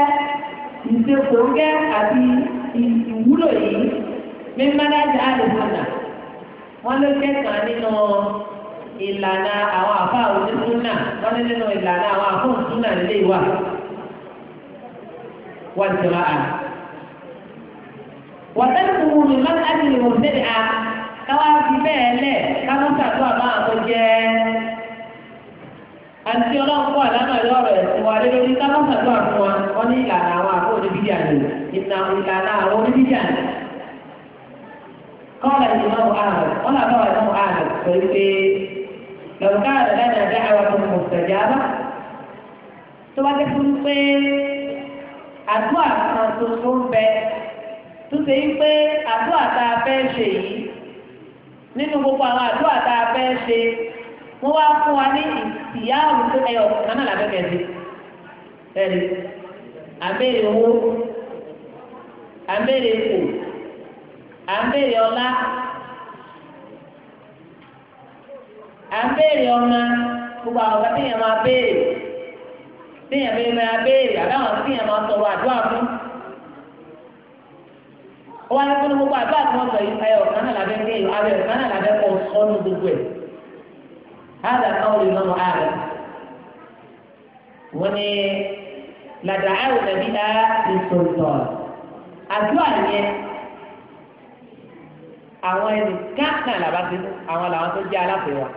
ìṣekòógẹ́ àti ìwúlò yìí ní mẹ́nájà àdìsọ́nà wọ́n ló jẹ́ kan nínú ìlànà àwọn àfa onísúnà wọ́n ní nínú ìlànà àwọn àfọ òsúnà nílé ìwà wọ́n ti ra à. wọ́n tẹ́lẹ̀ kúrú ní mẹ́nájà ìwòsílẹ̀ à káwá fi bẹ́ẹ̀ lẹ̀ kámọ́tà tó àbá àwọn jẹ́ àti ọlọ́pọ̀ àlámàlú ọ̀rọ̀ ẹ̀sìn wa lórí kámọ́tà tó àfún wa wọ́n ní ìlànà àwọn àbó oníbíjà ni ìlànà àwọn oníbíjà ni. قال الإمام أحمد قال أبو الإمام أحمد فقلت لو كان لنا دعوة مستجابة tọ́ba tẹ fún pé àdúrà kan tuntun bẹ tó ṣe yí pé àdúrà tá a fẹ́ ṣe yìí nínú gbogbo àwọn àdúrà tá a fẹ́ ṣe wọ́n wá wa ní ìyá àrùn tó ẹyọ kan náà ẹ̀rí àbẹ̀rẹ̀ owó àbẹ̀rẹ̀ èkó àbẹ̀rẹ̀ ọlá àbẹ̀rẹ̀ ọmọ gbogbo àwọn kan téèyàn máa béèrè téèyàn máa béèrè àbáwọn máa sọ̀rọ̀ àdúrà fún. wọ́n á yẹ kó gbogbo àbá àti wọ́n sọ yìí ayọ̀ kan náà lábẹ́ ní ìlú abẹ́ kan náà lábẹ́ kọ́ sọ́nù gbogbo ẹ̀ hádà kan lè mọ̀ ààrẹ wọ́n ní làdà áwọ̀ nàbí á ìsòǹtọ̀ àdúrà yẹn àwọn ẹni káàkiri làbá ti àwọn làwọn tó jẹ́ aláfẹ́ wa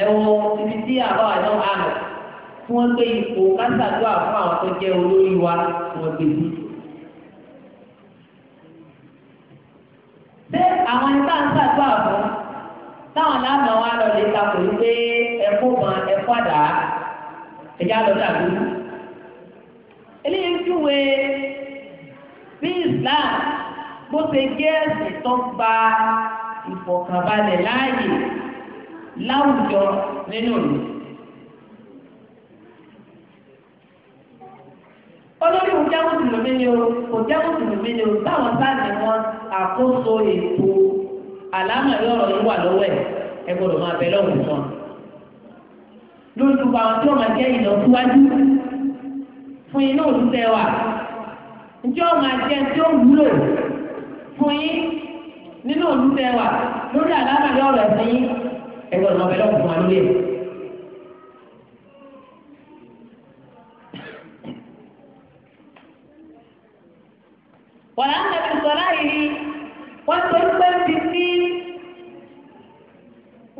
ẹ̀wọ̀n ibi tí àbá àjọ àmọ̀ tí wọ́n gbé ipò kásàdúrà fún àwọn tó jẹ́ olórí wa wọ́n gbé àwọn ẹni táwọn ṣàdúrà fún táwọn láàmú wa lọ lè takò yìí pé ẹkú kan ẹkú àdá ẹjá lọ dàbí. eléyìí ń júwe bí Islam bó ṣe gé ẹ̀sìn tó gba ìfọ̀kànbalẹ̀ láàyè láwùjọ nínú ìlú. olórí òun jẹ́ mùsùlùmí ni o kò jẹ́ mùsùlùmí ni o táwọn sáà ni wọ́n. àkóso ètò àlámà yọrọ yìí wà ẹ gbọ́dọ̀ máa bẹ lọ́wọ́ sàn. lójú àwọn tí wọ́n máa jẹ́ ìlọsíwájú fún yín náà wà máa tí ó wúlò fún yín nínú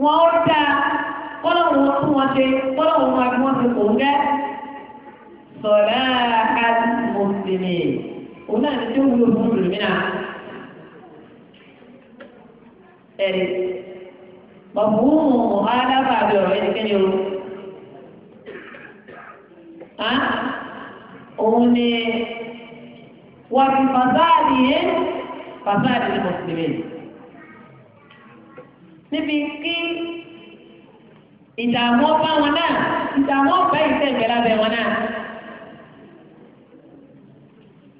wọn ó dáa kọ́lọ̀ wọn tún wọn ṣe kọ́lọ̀ wọn máa fi wọn ṣe kò ń gẹ́ sọ̀rọ̀ àti mùsùlùmí òun náà ti wúlò fún mùsùlùmí náà ẹ̀rí mọ̀fúnmù alábà àbí ọ̀rọ̀ ẹni kẹ́ni o òun ni wàá fi yẹn fàsáàdì ní mùsùlùmí níbi kí ìdààmú ọba wọn náà ìdààmú ọba ìṣe ìgbẹ́ lábẹ́ wọn náà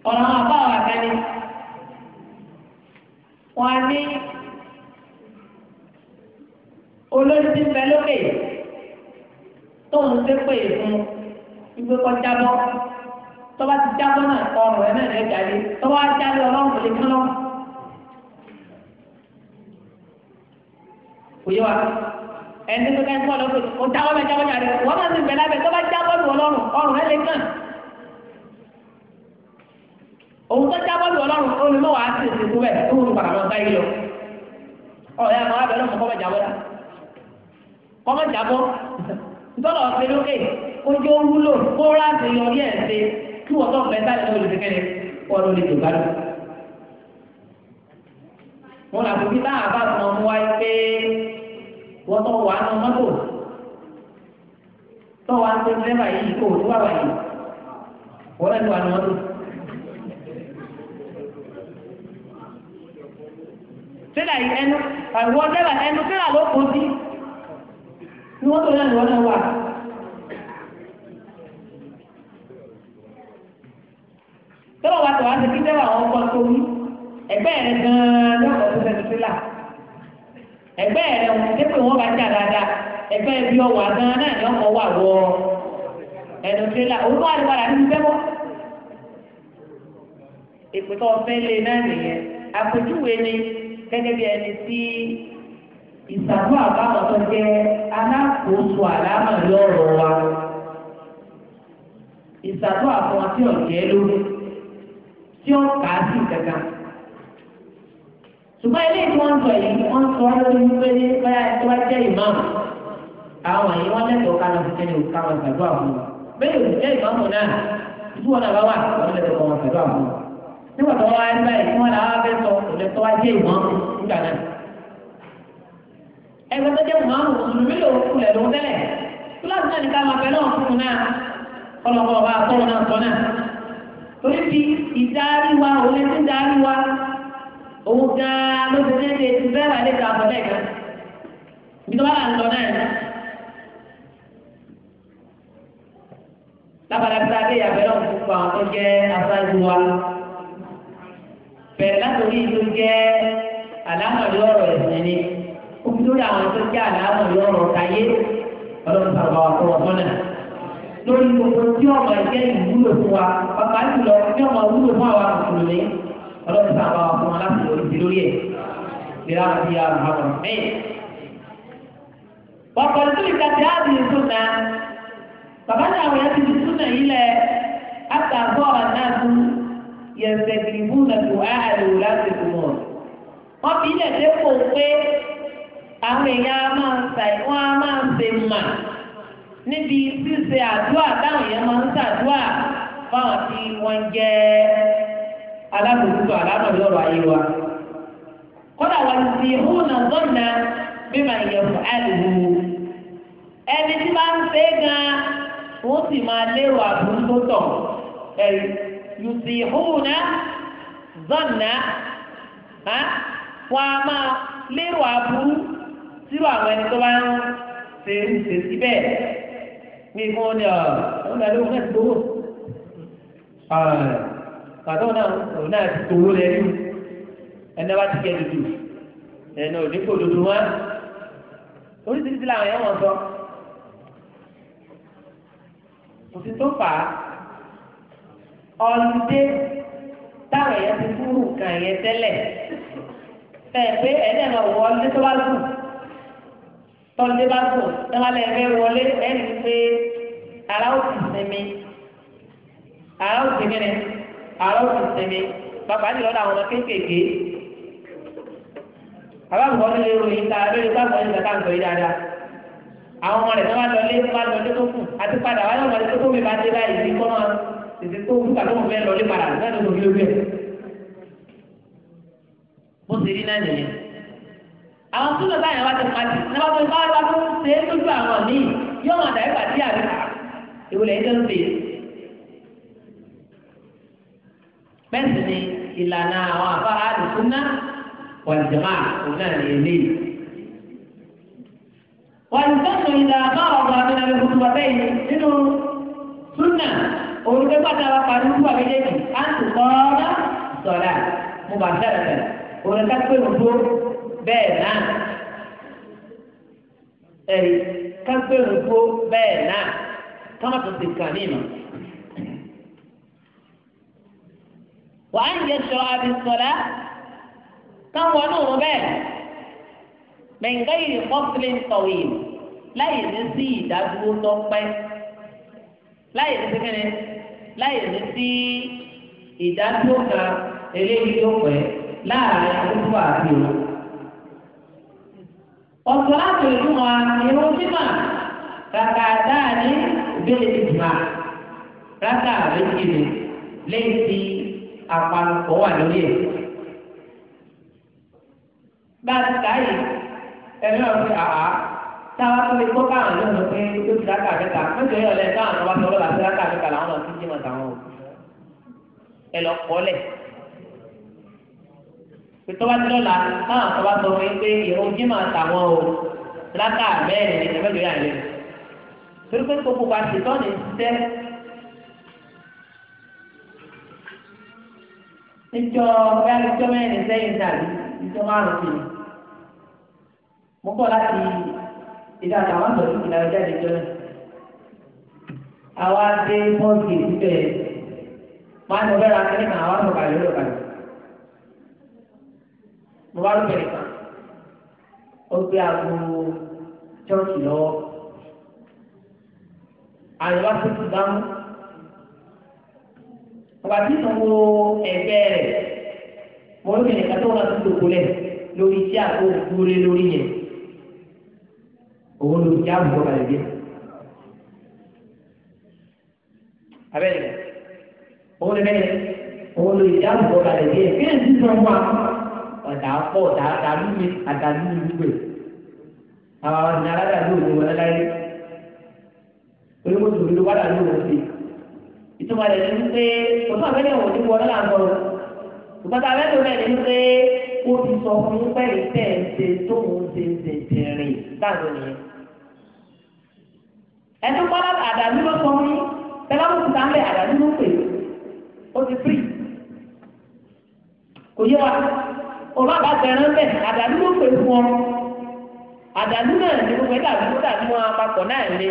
ọ̀rọ̀ àwọn àbá ọ̀rọ̀ àgbáni wọn á ní olórí ti fẹ́ lókè tóun ṣe pé fún ìgbé kọ́ jábọ́ tọ́ba ti jábọ́ náà kọ́ ọ̀rọ̀ ẹ̀ náà lẹ́jà lé tọ́ba jáde ọlọ́run kò lè kán lọ́wọ́. kò yé wa ẹni tó kẹ́kọ̀ọ́ lọ pé o ta ọmọ ìjábọ̀ jáde wọ́n máa ti gbẹ̀lá bẹ̀ tó bá já bọ́ọ̀lù ọlọ́run ọrùn rẹ lè kàn òun tó já bọ́ọ̀lù ọlọ́run olùmọ̀ wàá ti ti kú bẹ́ẹ̀ tó ń padà lọ báyìí lọ ọ̀rẹ́ àwọn abẹ́rẹ́ ọmọ kọ́mọ̀ jábọ́ dá kọ́mọ̀ jábọ́ ntọ́lọ̀ ọ̀sẹ̀ lókè ojú wúlò kó láti yọrí ẹ̀ ṣe kí wọ́n tó fẹ́ sáré lórí ìdíkẹ́lẹ̀ ọ̀rọ̀ lè tó gbádùn. wọn làbùkí táwọn àbá wọ́n tọ́ wà nù mọ́tò tọ́ wà ń pè dírẹ́bà yìí kò tó wà wáyé wọ́n lẹ́nu wà nù mọ́tò. tẹ́lá yìí ẹnu àwọn dírẹ́bà ẹnu tẹ́lá ló kó sí ní mọ́tò náà ni wọ́n náà wà. tọ́lọ̀ wa tọ̀ wá sí kí dẹ́wà àwọn ọkọ̀ tó ní ẹgbẹ́ rẹ̀ gan-an lọ́kọ̀ọ́ tó fẹ́ẹ́ ẹgbẹ́ rẹ wọn dépò wọn bá jà dáadáa ẹgbẹ́ ibi ọwọ́ àgbọn náà ni ọkọ̀ wà wọ ẹnu tirẹ̀là òun náà àdìpadà ní ti bẹ́bọ̀. ìpètò ọ̀fẹ́ lé náà nìyẹn àpèjúwe ni gẹ́gẹ́ bí ẹni tí ìsàkó àbámọ̀ tó jẹ́ alákòóso àlámà lọ́rọ̀ wa ìsàkó àfọwọ́n tí ọ̀jẹ́ lórí tí ó kà á sí kankan ṣùgbọ́n ilé tí wọ́n ń sọ yìí wọ́n ń sọ lórí wípé ní báyà tí wọ́n jẹ́ ìmáàmù àwọn àyè wọ́n lẹ́tọ̀ọ́ káwọn ti tẹ́lẹ̀ òkú káwọn gbàgbọ́ àwọn bẹ́ẹ̀ òkú jẹ́ ìmáàmù náà ìtú wọn làbá wà wọ́n lẹ́tọ̀ọ́ káwọn gbàgbọ́ àwọn nígbà tó wọ́n wá ń báyìí tí wọ́n làwọn abẹ́ sọ òlẹ̀ wá jẹ́ ìmáàmù nígbà náà ẹgbẹ́ tó jẹ́ ìmáàmù òun gan ló ti ní ṣe ti bẹ́ẹ̀ wà lẹ́ka àbọ̀ gan ibi tó bá là ń lọ náà lábàlá tí a dé náà fún fún àwọn tó jẹ́ aṣáájú wa bẹ̀rẹ̀ látòrí tó jẹ́ àlámọ̀lé ọ̀rọ̀ ẹ̀sìn ni ó fi lórí àwọn tó jẹ́ ọ̀rọ̀ táyé ọlọ́run wa fún ọ̀tọ́ náà lórí gbogbo tí ọmọ ìwúlò fún wa ọlọ́run sáà bá wa fún wa láti lórí ti lórí ẹ̀ ìlera àti ìyá àwọn àwọn ọ̀mẹ́. wọ́pọ̀lù tó ìka ti áàbì ìsúná bàbá ní àwọn ẹ̀sìn ìsúná yìí lẹ̀ áta bọ́ọ̀lù náà tún yẹ̀sẹ̀ kìlìbù náà tó ààrẹ láti fún wọn. wọ́n fi ilẹ̀ dépò pé àwọn èèyàn máa ń sà wọ́n á máa ń ṣe mà níbi ṣíṣe àdúrà táwọn èèyàn máa ń ṣàdúrà fáwọn tí wọ́n jẹ́ alábòjútó àlámọ̀lẹ́ ọ̀rọ̀ ayé wa. kọ́dà wà sí hóònà zọ́nà mímọ ìyẹ̀fọ́ àlùwò ẹni tí máa ń ṣe é gan wọ́n sì máa lérò àbúrú tó tọ̀ ẹ̀rí yùsì hóònà zọ́nà wọ́n á máa lérò àbúrú sírò àwọn ẹni tó bá ń ṣe é ṣe síbẹ̀ pé wọ́n ní ọ̀rọ̀ ọ̀rọ̀ ẹ̀rọ fẹ́ẹ́ gbowó pàtó náà òun náà ti tòwó lẹ́nu ẹni wá ti kẹ́ dúdú ẹni ò ní kó dúdú wá oríṣiríṣi làwọn yẹn wọ́n sọ kò sí tó fà á ọ̀lùdé táwọn yẹn ti fúrú kàn yẹn tẹ́lẹ̀ ẹ pé ẹni ẹ̀ máa wọ ọlùdé tó bá lù tọ́lùdé bá lù tẹ́lẹ̀ ẹ̀ fẹ́ wọlé ẹni pé ara ó ti sinmi ara ó ti sinmi rẹ̀ àárọ̀ ti sinmi bàbá ní lọ́dọ̀ àwọn ọmọ kéékèèké bàbá nǹkan ní lérò yìí ta lórí sáfọ̀ ní ìgbàkan sọ yìí dáadáa àwọn ọmọ rẹ̀ tó bá lọ lé tó bá lọ lé tó kù àti padà wáyé ọmọ rẹ̀ tó tó mi bá dé báyìí sí kọ́mọ tètè tó kú kàtó wọn fẹ́ lọ lé padà náà ló lórí orí ẹ̀ bó ti rí náà nìyẹn àwọn tó lọ báyìí wá ti pa jù ní wọ́n tó bá wá tó ń ṣe é lójú àwọn míì yóò hàn dàgbà sí àgbà ìwòlẹ̀ ẹ̀jẹ̀ ń bèèrè bẹ́ẹ̀ sì ni ìlànà àwọn afárá àdìsúná wàlìjàmá òun náà ní ilé. wàlìjàmá ìlà àbáwọ̀ ọ̀gbọ̀n àmì náà ló kú wà bẹ́ẹ̀ nínú súnà orúkẹ́ pàtàkì àpàdé wúwà méjèèjì á ń tún kọ́ ọ́dá sọ̀rọ̀ mo bà bẹ́ẹ̀ bẹ́ẹ̀ orúkẹ́ pé mo bẹ́ẹ̀ náà ẹ̀rí ká pé bẹ́ẹ̀ náà ká ti kàn wà á yẹ sọ abisọ̀lá káwọn onúwò bẹ́ẹ̀ mẹ̀ǹgá yìí kọ́sílẹ̀ ń tọ̀wé láyé ní sí ìdádúró tó pẹ́ láyé ní sẹ́kẹ́ni láyé ní sí ìdádúró kan eléyìí tó pẹ́ láàrin àdúgbò àti òun. ọ̀sọ̀ láti ìlú wa irun mímà kàkà dáa ní ìbéèrè ìjùmọ̀ rákà méjì lè ti àparapọ̀ wà lórí ẹ̀. bá a ti kà á yìí ẹ̀mí ọ̀rọ̀ ti àhá táwa tó lè kó káwọn ló ń pè é tó ti rákà mẹ́ta mẹ́ta yóò lẹ́yìn táwọn ọba tó lọ́la ti rákà mẹ́ta làwọn náà ti jí mọ̀ táwọn o. ẹ lọ kọ́lẹ̀ pẹ̀tọ́ bá ti lọ́la táwọn ọba tó wọ́n pé ìrún jí mọ̀ táwọn o rákà mẹ́rin ní yà níjọ bẹ́ẹ̀ níjọ mẹ́rin sẹ́yìn dàbí níjọ márùn-ún sí i. mo bọ̀ láti ìdá àwọn àtọ̀tún ìlànà jáde jọ náà. àwa dé mọ́ọ̀gì síbẹ̀ máa ń lọ bẹ́ẹ̀ ra kẹ́lẹ́kàn àwa sọ̀kà lórí ọ̀kadà. mo bá lóbẹ̀ nìkan ó gbé aago chọ́ọ̀kì lọ́wọ́. àyẹ̀wò àti ìdáhùn ọba tí mo wo ẹgbẹ́ rẹ̀ mo ń bẹ̀rẹ̀ kátó wọn tó gbogbo lẹ̀ lórí iṣẹ́ àpò òkúré lórí yẹn òun ló jẹ́ àbùkù ọba lẹ́gbẹ́ abẹ́rẹ́ òun lè bẹ́rẹ̀ òun ló jẹ́ àbùkù ọba lẹ́gbẹ́ bí èyí tó ń wá ọ̀dà pọ̀ ọ̀dà àdàlú mi àdàlú mi gbẹ̀ àwọn àwọn ìnáwó àdàlú òun wọlé láyé onímọ̀tò òdodo wà láàrin òun sí i ìtumọ̀ rẹ̀ ni pé òtún àbẹ́lẹ̀ wò ní wọlé làǹtọ̀ rẹ̀ òpàtà abẹ́lẹ̀ rẹ̀ ni pé ó ti sọ fún un pẹ̀lú tẹ̀sẹ̀ tó ń ṣe ṣe tẹ̀rìn láàrin nìyẹn. ẹni kọ́lá àdàlú ló sọ fún tẹ́lámù kúta ń bẹ àdàlú ló pè ó ti firi kò yé wa òun àbá tẹ̀rán bẹ̀ àdàlú ló pè fún ọ àdàlú náà ni gbogbo ẹ̀ dàbí ó dàbí wọn apapọ̀ náà lé.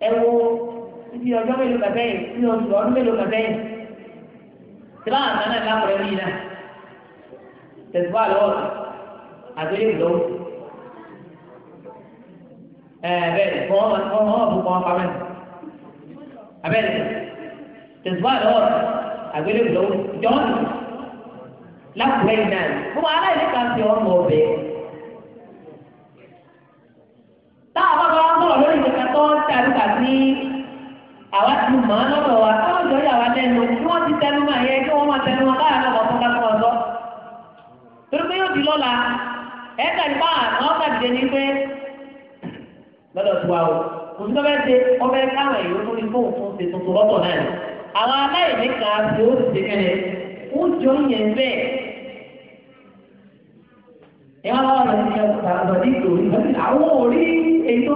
ẹ wo ibi ọjọ́ mélòó kàfẹ́ yìí ibi oṣù ọdún mélòó kàfẹ́ yìí tí báwọn àgbà náà lápẹ̀rẹ̀ mí náà tẹ̀síwá lọ́wọ́ àgbélé lọ́wọ́ ẹ bẹ́ẹ̀ fọwọ́ fọwọ́ fún kọ́ pamẹ́ abẹ́rẹ́ tẹ̀síwá lọ́wọ́ àgbélé lọ́wọ́ jọ́ọ̀nù lápẹ̀rẹ̀ mí náà fún wa aláìlẹ́ka ti ọ̀rọ̀ ọ̀bẹ àlùkà sí àwa ti mọ̀ ọ́ lọ́dọ̀ wa káwọn jọ yà wá lẹ́nu kí wọ́n ti tẹnu máa yẹ kí wọ́n máa tẹnu wọn káwọn náà kọ́ ká fún ọ̀dọ́. torí pé yóò di lọ́la ẹ kàdí bá àwọn ọ̀gá dìde ní pé lọ́dọ̀ tó wa o kò sí lọ́bẹ̀ ṣe ọbẹ̀ káwọn èèyàn tó ní fóun fún ṣe tuntun lọ́tọ̀ náà àwọn aláìní kan ṣe ó ti ṣe kẹ́lẹ̀ ó jọ yẹn bẹ́ẹ̀ ẹ wá wà lọ́dún yẹn kò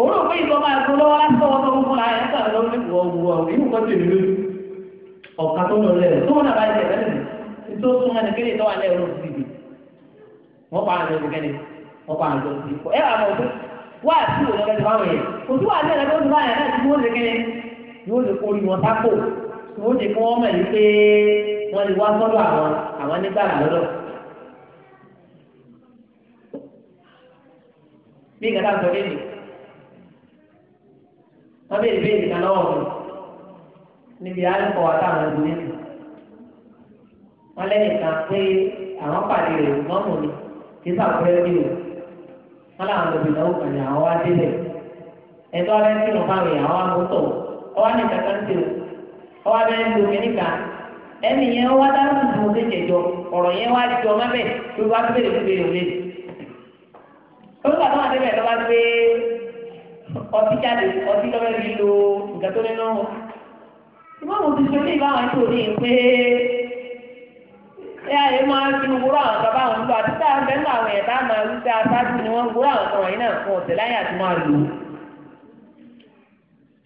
òun ò pé ìlú ọmọ àgbo lọ́wọ́ láti tọwọ́ tọwọ́ fún ara ẹ̀ka lọ́wọ́ ní ìwọ òwúrọ̀ ìwú kan tèmi lójú ọ̀ka tó lọ lẹ́rù tó wọn náà bá ti ẹ̀fẹ́ lẹ́nu tó sún ẹni kéde tó wà lẹ́rù sí ibi wọ́n pa àjọ ìgbẹ́ni wọ́n pa àjọ ìgbẹ́ni ẹ̀ wà lọ́wọ́ wá sí òun lọ́wọ́ ìbáwọ̀ yẹn kò sí wà ní ẹ̀rọ tó ń bá yẹn láti mú òun lẹ́kẹ́ni yóò lè kórìí wọn sápò yóò lè fún ọmọ yìí pé wọ́n lè wá sọ́dọ̀ àwọn àwọn nígbà lọ́dọ̀ bí ìgbà tá a sọ lé nìyí wọ́n bẹ̀rẹ̀ bẹ́ẹ̀ nìkan lọ́wọ́ mi níbi àlùkò àtàwọn ìdílé mi wọ́n lẹ́yìn kan pé àwọn pàdé rẹ̀ wọ́n mọ̀ mi kí sàkúrẹ́ bí o wọ́n làwọn òbí náà kàn ní àwọn wá délẹ̀ ẹ̀tọ́ alẹ́ tí wọ́n fáwọn èèyàn wá mú tọ̀ ní kankan tí o ọwọ́ abẹ́rẹ́ ń lo kẹ́níkà ẹnì yẹn wá dáná tuntun ó tẹ̀jẹ̀ jọ ọ̀rọ̀ yẹn wá jọ mẹ́bẹ̀ tó wá bẹ̀rẹ̀ fún bẹ̀rẹ̀ òde. gbé ọtí jáde ọtí lọ́wọ́ bí lo nǹkan tó nínú wọn. ìmọ̀mù ti ṣe ní ìbáwọn tó ní pé ẹ ayé máa ń fi wúrọ̀ àwọn bàbá àwọn olùkọ́ àti táwọn bẹ́ẹ̀ náà àwọn ẹ̀dá máa wí pé aṣáájú ni wọ́n wúrọ̀ àwọn kan wọ̀nyí náà fún ọ̀sẹ̀ láyé àti máa lò ó.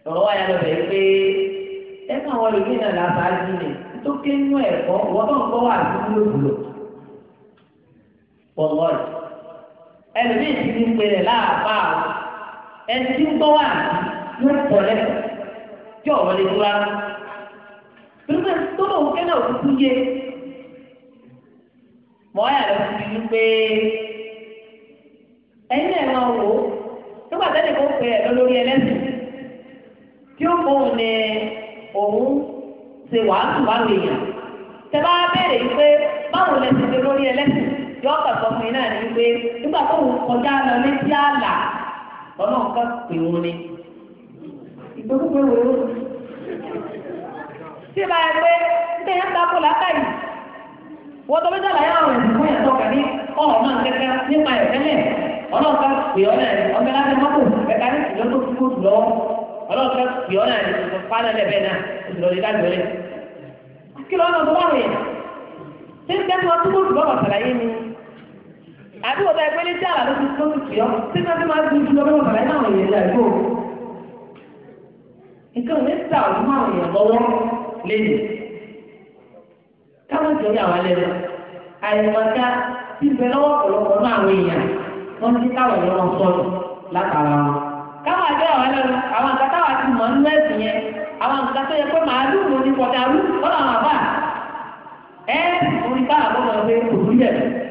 ọ̀rọ̀ wa yà lọ pé ẹ máa wọlé bí náà láṣáájú ni tó ké nínú ẹ̀kọ́ wọ́n tó ń kọ́ wà ẹtí ń gbọ́ wà ló ń tí ọ̀rọ̀ lè dúró ara pípẹ́ tó lòun kẹ́lẹ́ òkúkú yé mọ́ ẹ̀ lọ sí i pé ẹ̀yin náà máa wò ó nígbà tẹ́lẹ̀ kó pè lórí ẹlẹ́sìn tí ó ní òun ṣe wàásù èèyàn tẹ bá yìí pé báwo ṣe lórí ẹlẹ́sìn yọ ọlọ́run ká pè wọ́n ni ìgbẹ́kúgbẹ́ wò ó. tí ìbá yẹ pé ní ẹ̀yà tako làákà yìí wọ́n tó bí sàlàyé àwọn ẹ̀sìn fún ẹ̀tọ́ kàní ọ̀rọ̀ náà kẹ́kẹ́ nípa ẹ̀fẹ́lẹ̀ ọlọ́run ká pè ọ́ náà ọmọ ẹ̀rọ ti mọ́kù ẹ̀ka ní ìlú tó kú lọ ọlọ́run ká pè ọ́ náà ní ìfọ̀fánà lẹ́bẹ̀ẹ́ náà ìlọrí dágbẹ́lẹ̀ kí lọ́nà tó wà wẹ̀ ṣé ń tẹ́tí wọn ni àbí wọ́n ẹgbẹ́ tí àlàló ti tó tí wọ́n ti máa ń dúdú lọ́wọ́ bàbá náà wọ̀nyí ẹ̀dá ẹ̀gbọ́. nǹkan òní ta lọ́wọ́ lẹ́yìn. káwọn àwọn alẹ́ lọ ti bẹ lọ́wọ́ ọ̀pọ̀lọpọ̀ àwọn èèyàn wọ́n ti káwọn wọn sọ̀rọ̀ látara wọn. káwọn àjọ àwọn alẹ́ lọ àwọn ti mọ̀ yẹn àwọn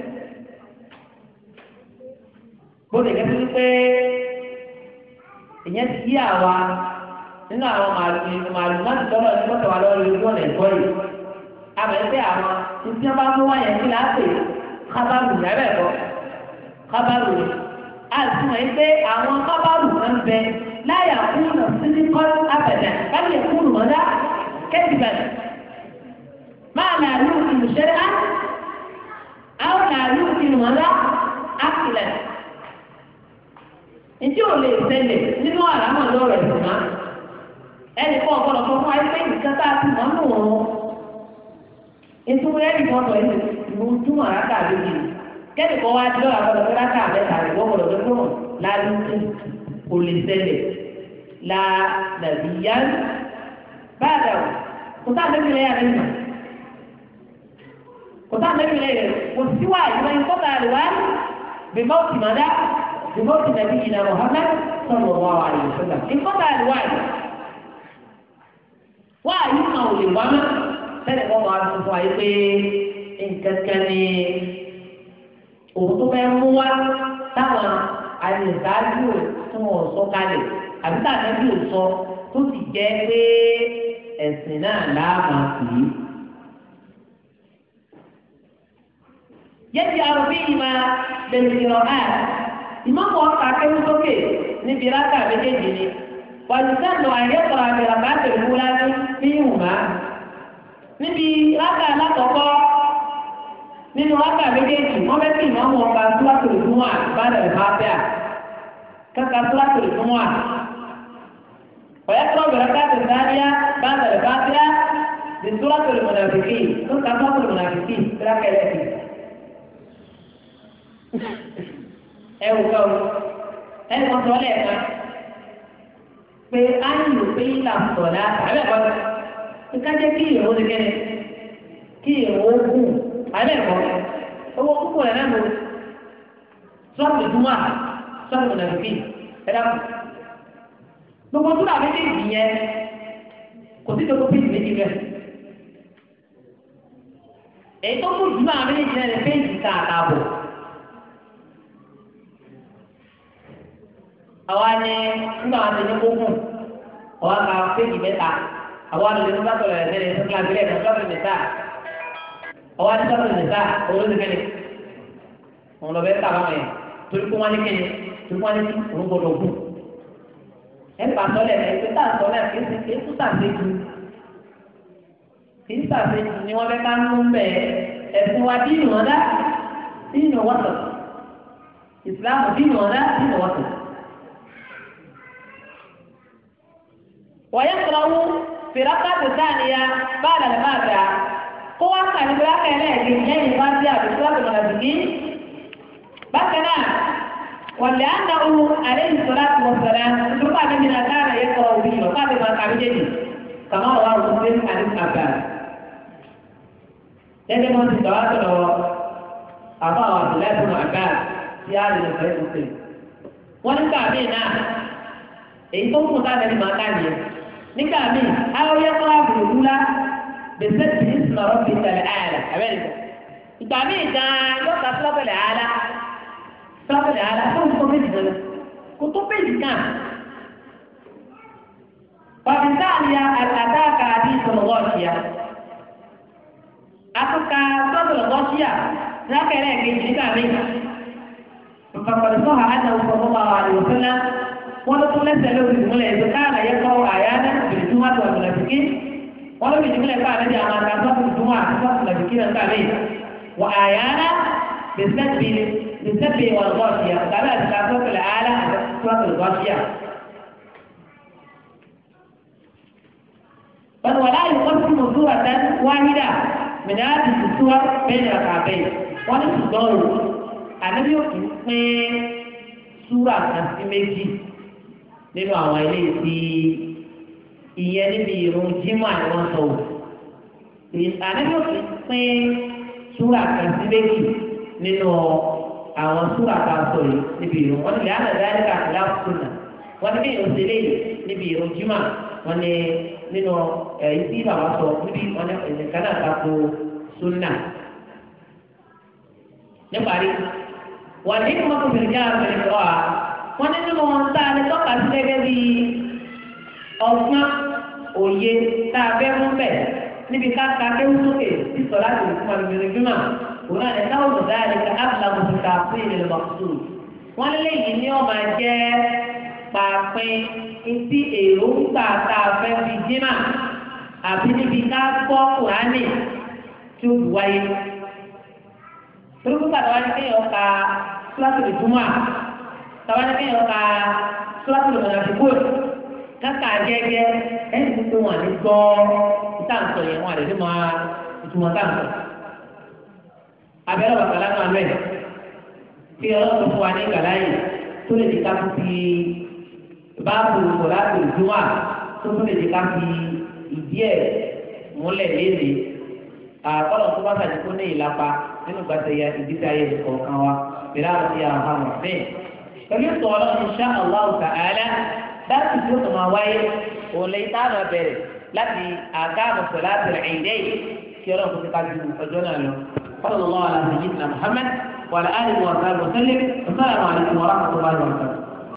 bóde kẹ́tí wípé ìyẹn ti yí àwa nínú àwọn màálù láti tọ́lọ̀ ní bọ́tọ̀ wa lọ́wọ́ lórí ọ̀nà ẹ̀kọ́ yìí àbẹ̀tẹ̀ àwọn tí wọ́n bá mú wáyà sí láàpè kábàrù rẹ̀ bọ̀ kábàrù rẹ̀ àtúmọ̀ yìí pé àwọn kábàrù kan bẹ láyà kúrò sínú kọ́ abẹ̀dẹ̀ káyọ̀ kúrò mọ́dá kẹ́sì bẹ̀rẹ̀ máa nà lù ìlú ṣẹ́rẹ́ á àwọn nà lù ìlú á kìlẹ̀ ìdí ò lè ṣẹlẹ̀ nínú àlámọ̀ lọ́rọ̀ ẹ̀sìn náà ẹnì kan ọ̀gbọ́n ọ̀gbọ́n fún ayé pé nǹkan tá a ti mọ̀ nù wọn ìtumọ̀ ẹnì kan sọ èyí ló ń túmọ̀ rákà lóye kẹ́nì kan wá dúró àgbọ̀dọ̀ pé rákà mẹ́ta rẹ̀ wọ́n gbọ́dọ̀ tó mọ̀ lálùkù kò lè ṣẹlẹ̀ la nàbí yá báàdà o kò tá a lè fi lẹ́yà lẹ́yìn kò tá a lè fi lẹ́yà lẹ́yìn kò síwájú بموت نبينا محمد صلى الله عليه وسلم انقطع الوعي وعي ما هو لبما tẹ́lẹ̀ kọ́ máa tún fún ayé pé nǹkan kan ni òun tó fẹ́ mú wá táwọn àyẹ̀sáájú tí wọ́n sọ kalẹ̀ àbí tàbí ò sọ tó sì jẹ́ pé ẹ̀sìn náà láàmà sí i. yẹ́n ti àrùn bí ìmọ̀ lè fi rọ̀ náà ìmọ̀mù ọ̀ka akéwú sókè níbi rákà méjèèjì ni wàlùsẹ́nu àyẹ̀kọ̀rọ̀ àbẹ̀rẹ̀ bá tẹ̀lé wúlá ní fíìmùmá níbi rákà alákọ̀ọ́kọ́ nínú rákà méjèèjì wọ́n fẹ́ kí ìmọ̀mù ọ̀ka súwátòlù fún wa ìbádàá ìbáfẹ́ à kàkà súwátòlù fún wa ọ̀yẹ́kọ̀rọ̀ bẹ̀rẹ̀ ká tẹ̀lé sáríà ìbádàá ìbáfẹ́ à ní súwátòlù mọ̀nàfíkì tó kà súwátòlù mọ̀nàfíkì ẹ wò lọ o ẹ pé á lò pé ìlà sọ̀ kí ìyẹ̀wò ti kẹ́ni kí ìyẹ̀wò gùn abẹ́ owó púpọ̀ rẹ̀ náà lò sọ́ọ̀tù ìdúmọ̀ sọ́ọ̀tù gbogbo tó dàbí kò sí èyí tó jùlọ àwa ni nígbà wọn ti ní kókùn wọn kà péjì mẹ́ta àwa lè ní bá tọ̀lọ̀ ẹ̀sẹ̀ ní kíláàsì rẹ̀ ní sọ́ọ̀rì mẹ́ta àwa ní sọ́ọ̀rì mẹ́ta òun ti kẹ́lẹ̀ òun lọ bẹ́ẹ̀ tà wọn yẹn torí kó wọn ní kẹ́lẹ̀ torí wọn ní kí òun gbọdọ̀ kù ẹ̀ ń bà sọ́lẹ̀ ẹ̀ pé tà sọ́lẹ̀ kì í tún tà sí ju kì tà sí ni wọ́n fẹ́ ká ń mú bẹ́ẹ̀ ẹ̀sìn wa dínú ọ̀dá dínú wọ́tọ̀ ìsìlámù dínú ọ̀dá dínú wọ́tọ̀ wọ̀nyẹ́kọ̀ọ́wù fìràkà tìtàníyà bá àlàlẹ́ máa gbà kó wá kà ní fìràkà ẹlẹ́ẹ̀kì lẹ́yìn máa ti àbùkù láti mọ̀nà bìkí. bákan náà wọ̀lẹ́ àdáwù alẹ́ ìsọ̀lá ti wọ̀ sọ̀rọ̀ nípa àbẹ̀bí náà káàrà yẹ kọ̀ òbí lọ káàbẹ̀ máa kà méjèèjì kàmá wà wọ́n fún mi àti àgbà. lẹ́gbẹ̀ẹ́ mọ́ نيكا مين او يقرا في الاولى بالذات اسم ربك الاعلى امال انت مين انت يقرا في الاعلى الاعلى الاعلى فهو كتبت هنا كتبت كان فمن ثانية الأداك حديث الغاشية أفكا صوت الغاشية ذاك لك إجريك أمين فقد صحى أنه صلى الله عليه وسلم wọ́n ló tún lẹ́sẹ̀ lórí ìmúlẹ̀ ètò káàrà yẹ kọ́ àyáná ìdùnnú àti ọ̀mùnàfíkì wọ́n ló fi ìmúlẹ̀ káàrà bí àwọn àgbà sọ́kù ìdùnnú àti sọ́kù ọ̀mùnàfíkì náà kàwé wọ́n àyáná bẹ̀sẹ̀bì wọn gọ́ọ̀ṣìyà kàwé àti sọ́kù àyáná àti sọ́kù gọ́ọ̀ṣìyà. بل ولا يقسم سورة واحدة من هذه السور بين ركعتين ونصف دور النبي يقول سورة نفس nínú àwọn ilé ti ìyẹn níbi ìrún jimá ni wọ́n sọ wò ànábì òfin pín súrà kan sí méjì nínú àwọn súrà kan sọ yìí níbi ìrún wọn nílẹ̀ ànàdá nígbà tí láwùjọ náà wọn ní bí ìrún ṣe léyìí níbi ìrún jimá wọn ní nínú èyí tí bàbá sọ níbi wọn ní ẹ̀ka náà ta ko sunna níparí wọn ní kí wọn kò fi ní kí wọn fi ní kí wọn wọ́n ní nínú wọn tá a lè tọ́ka sí gẹ́gẹ́ bí ọgbọ́n òye tá a fẹ́ mú bẹ̀ níbi káka kéwú sókè sísọ láti òkú àmì ìrìnjúmọ̀ òun náà lè táwọn olùdá yà lè ka ábùlà mùsùlùmí àfún ìrìnlẹ̀ mọ̀tò wọ́n lé yìí ní ọmọ jẹ́ pàápín etí èròǹgbà tá a fẹ́ fi jímà àbí níbi ká gbọ́ kùránì tó wáyé. Turukú pàtàkì wáyé kéèyàn ka kíláàsì ìjùmọ̀ tàbá ní kéèyàn ka sọ́ọ̀tì lọ́nà àdúgbò káka jẹ́jẹ́ ẹni gbogbo wọn àti gbọ́ ìtàǹtọ̀ yẹn wọn àti ìdímọ̀ ìtumọ̀ táǹtọ̀. abẹ́rẹ́ bàbá lánàá lọ́ẹ̀ tí ọlọ́sọ̀ fún wa ní gàláyè tó lè dìka fún fi báàbù kọ̀láàbù ìdúnwà tó tó lè dìka fi ìdí ẹ̀ múlẹ̀ léde àkọlọ̀ tó bá tàbí kó ní ìlapa nínú gbàtẹ́yà ìdíkà pẹ̀lú ìtọ̀ ọlọ́run ṣá Allahu ta'ala dáàbì tí ó tó máa wáyé òun lè tá a máa bẹ̀rẹ̀ láti àgáàmù pẹ̀lú àbẹ̀rẹ̀ ẹ̀yìndẹ́ yìí kí ọlọ́run kò ti ká ju ọjọ́ náà lọ. sallallahu ala sayyidina Muhammad wa ala alihi wa sahbihi wa sallam wa salamu alaykum wa rahmatullahi wa barakatuh.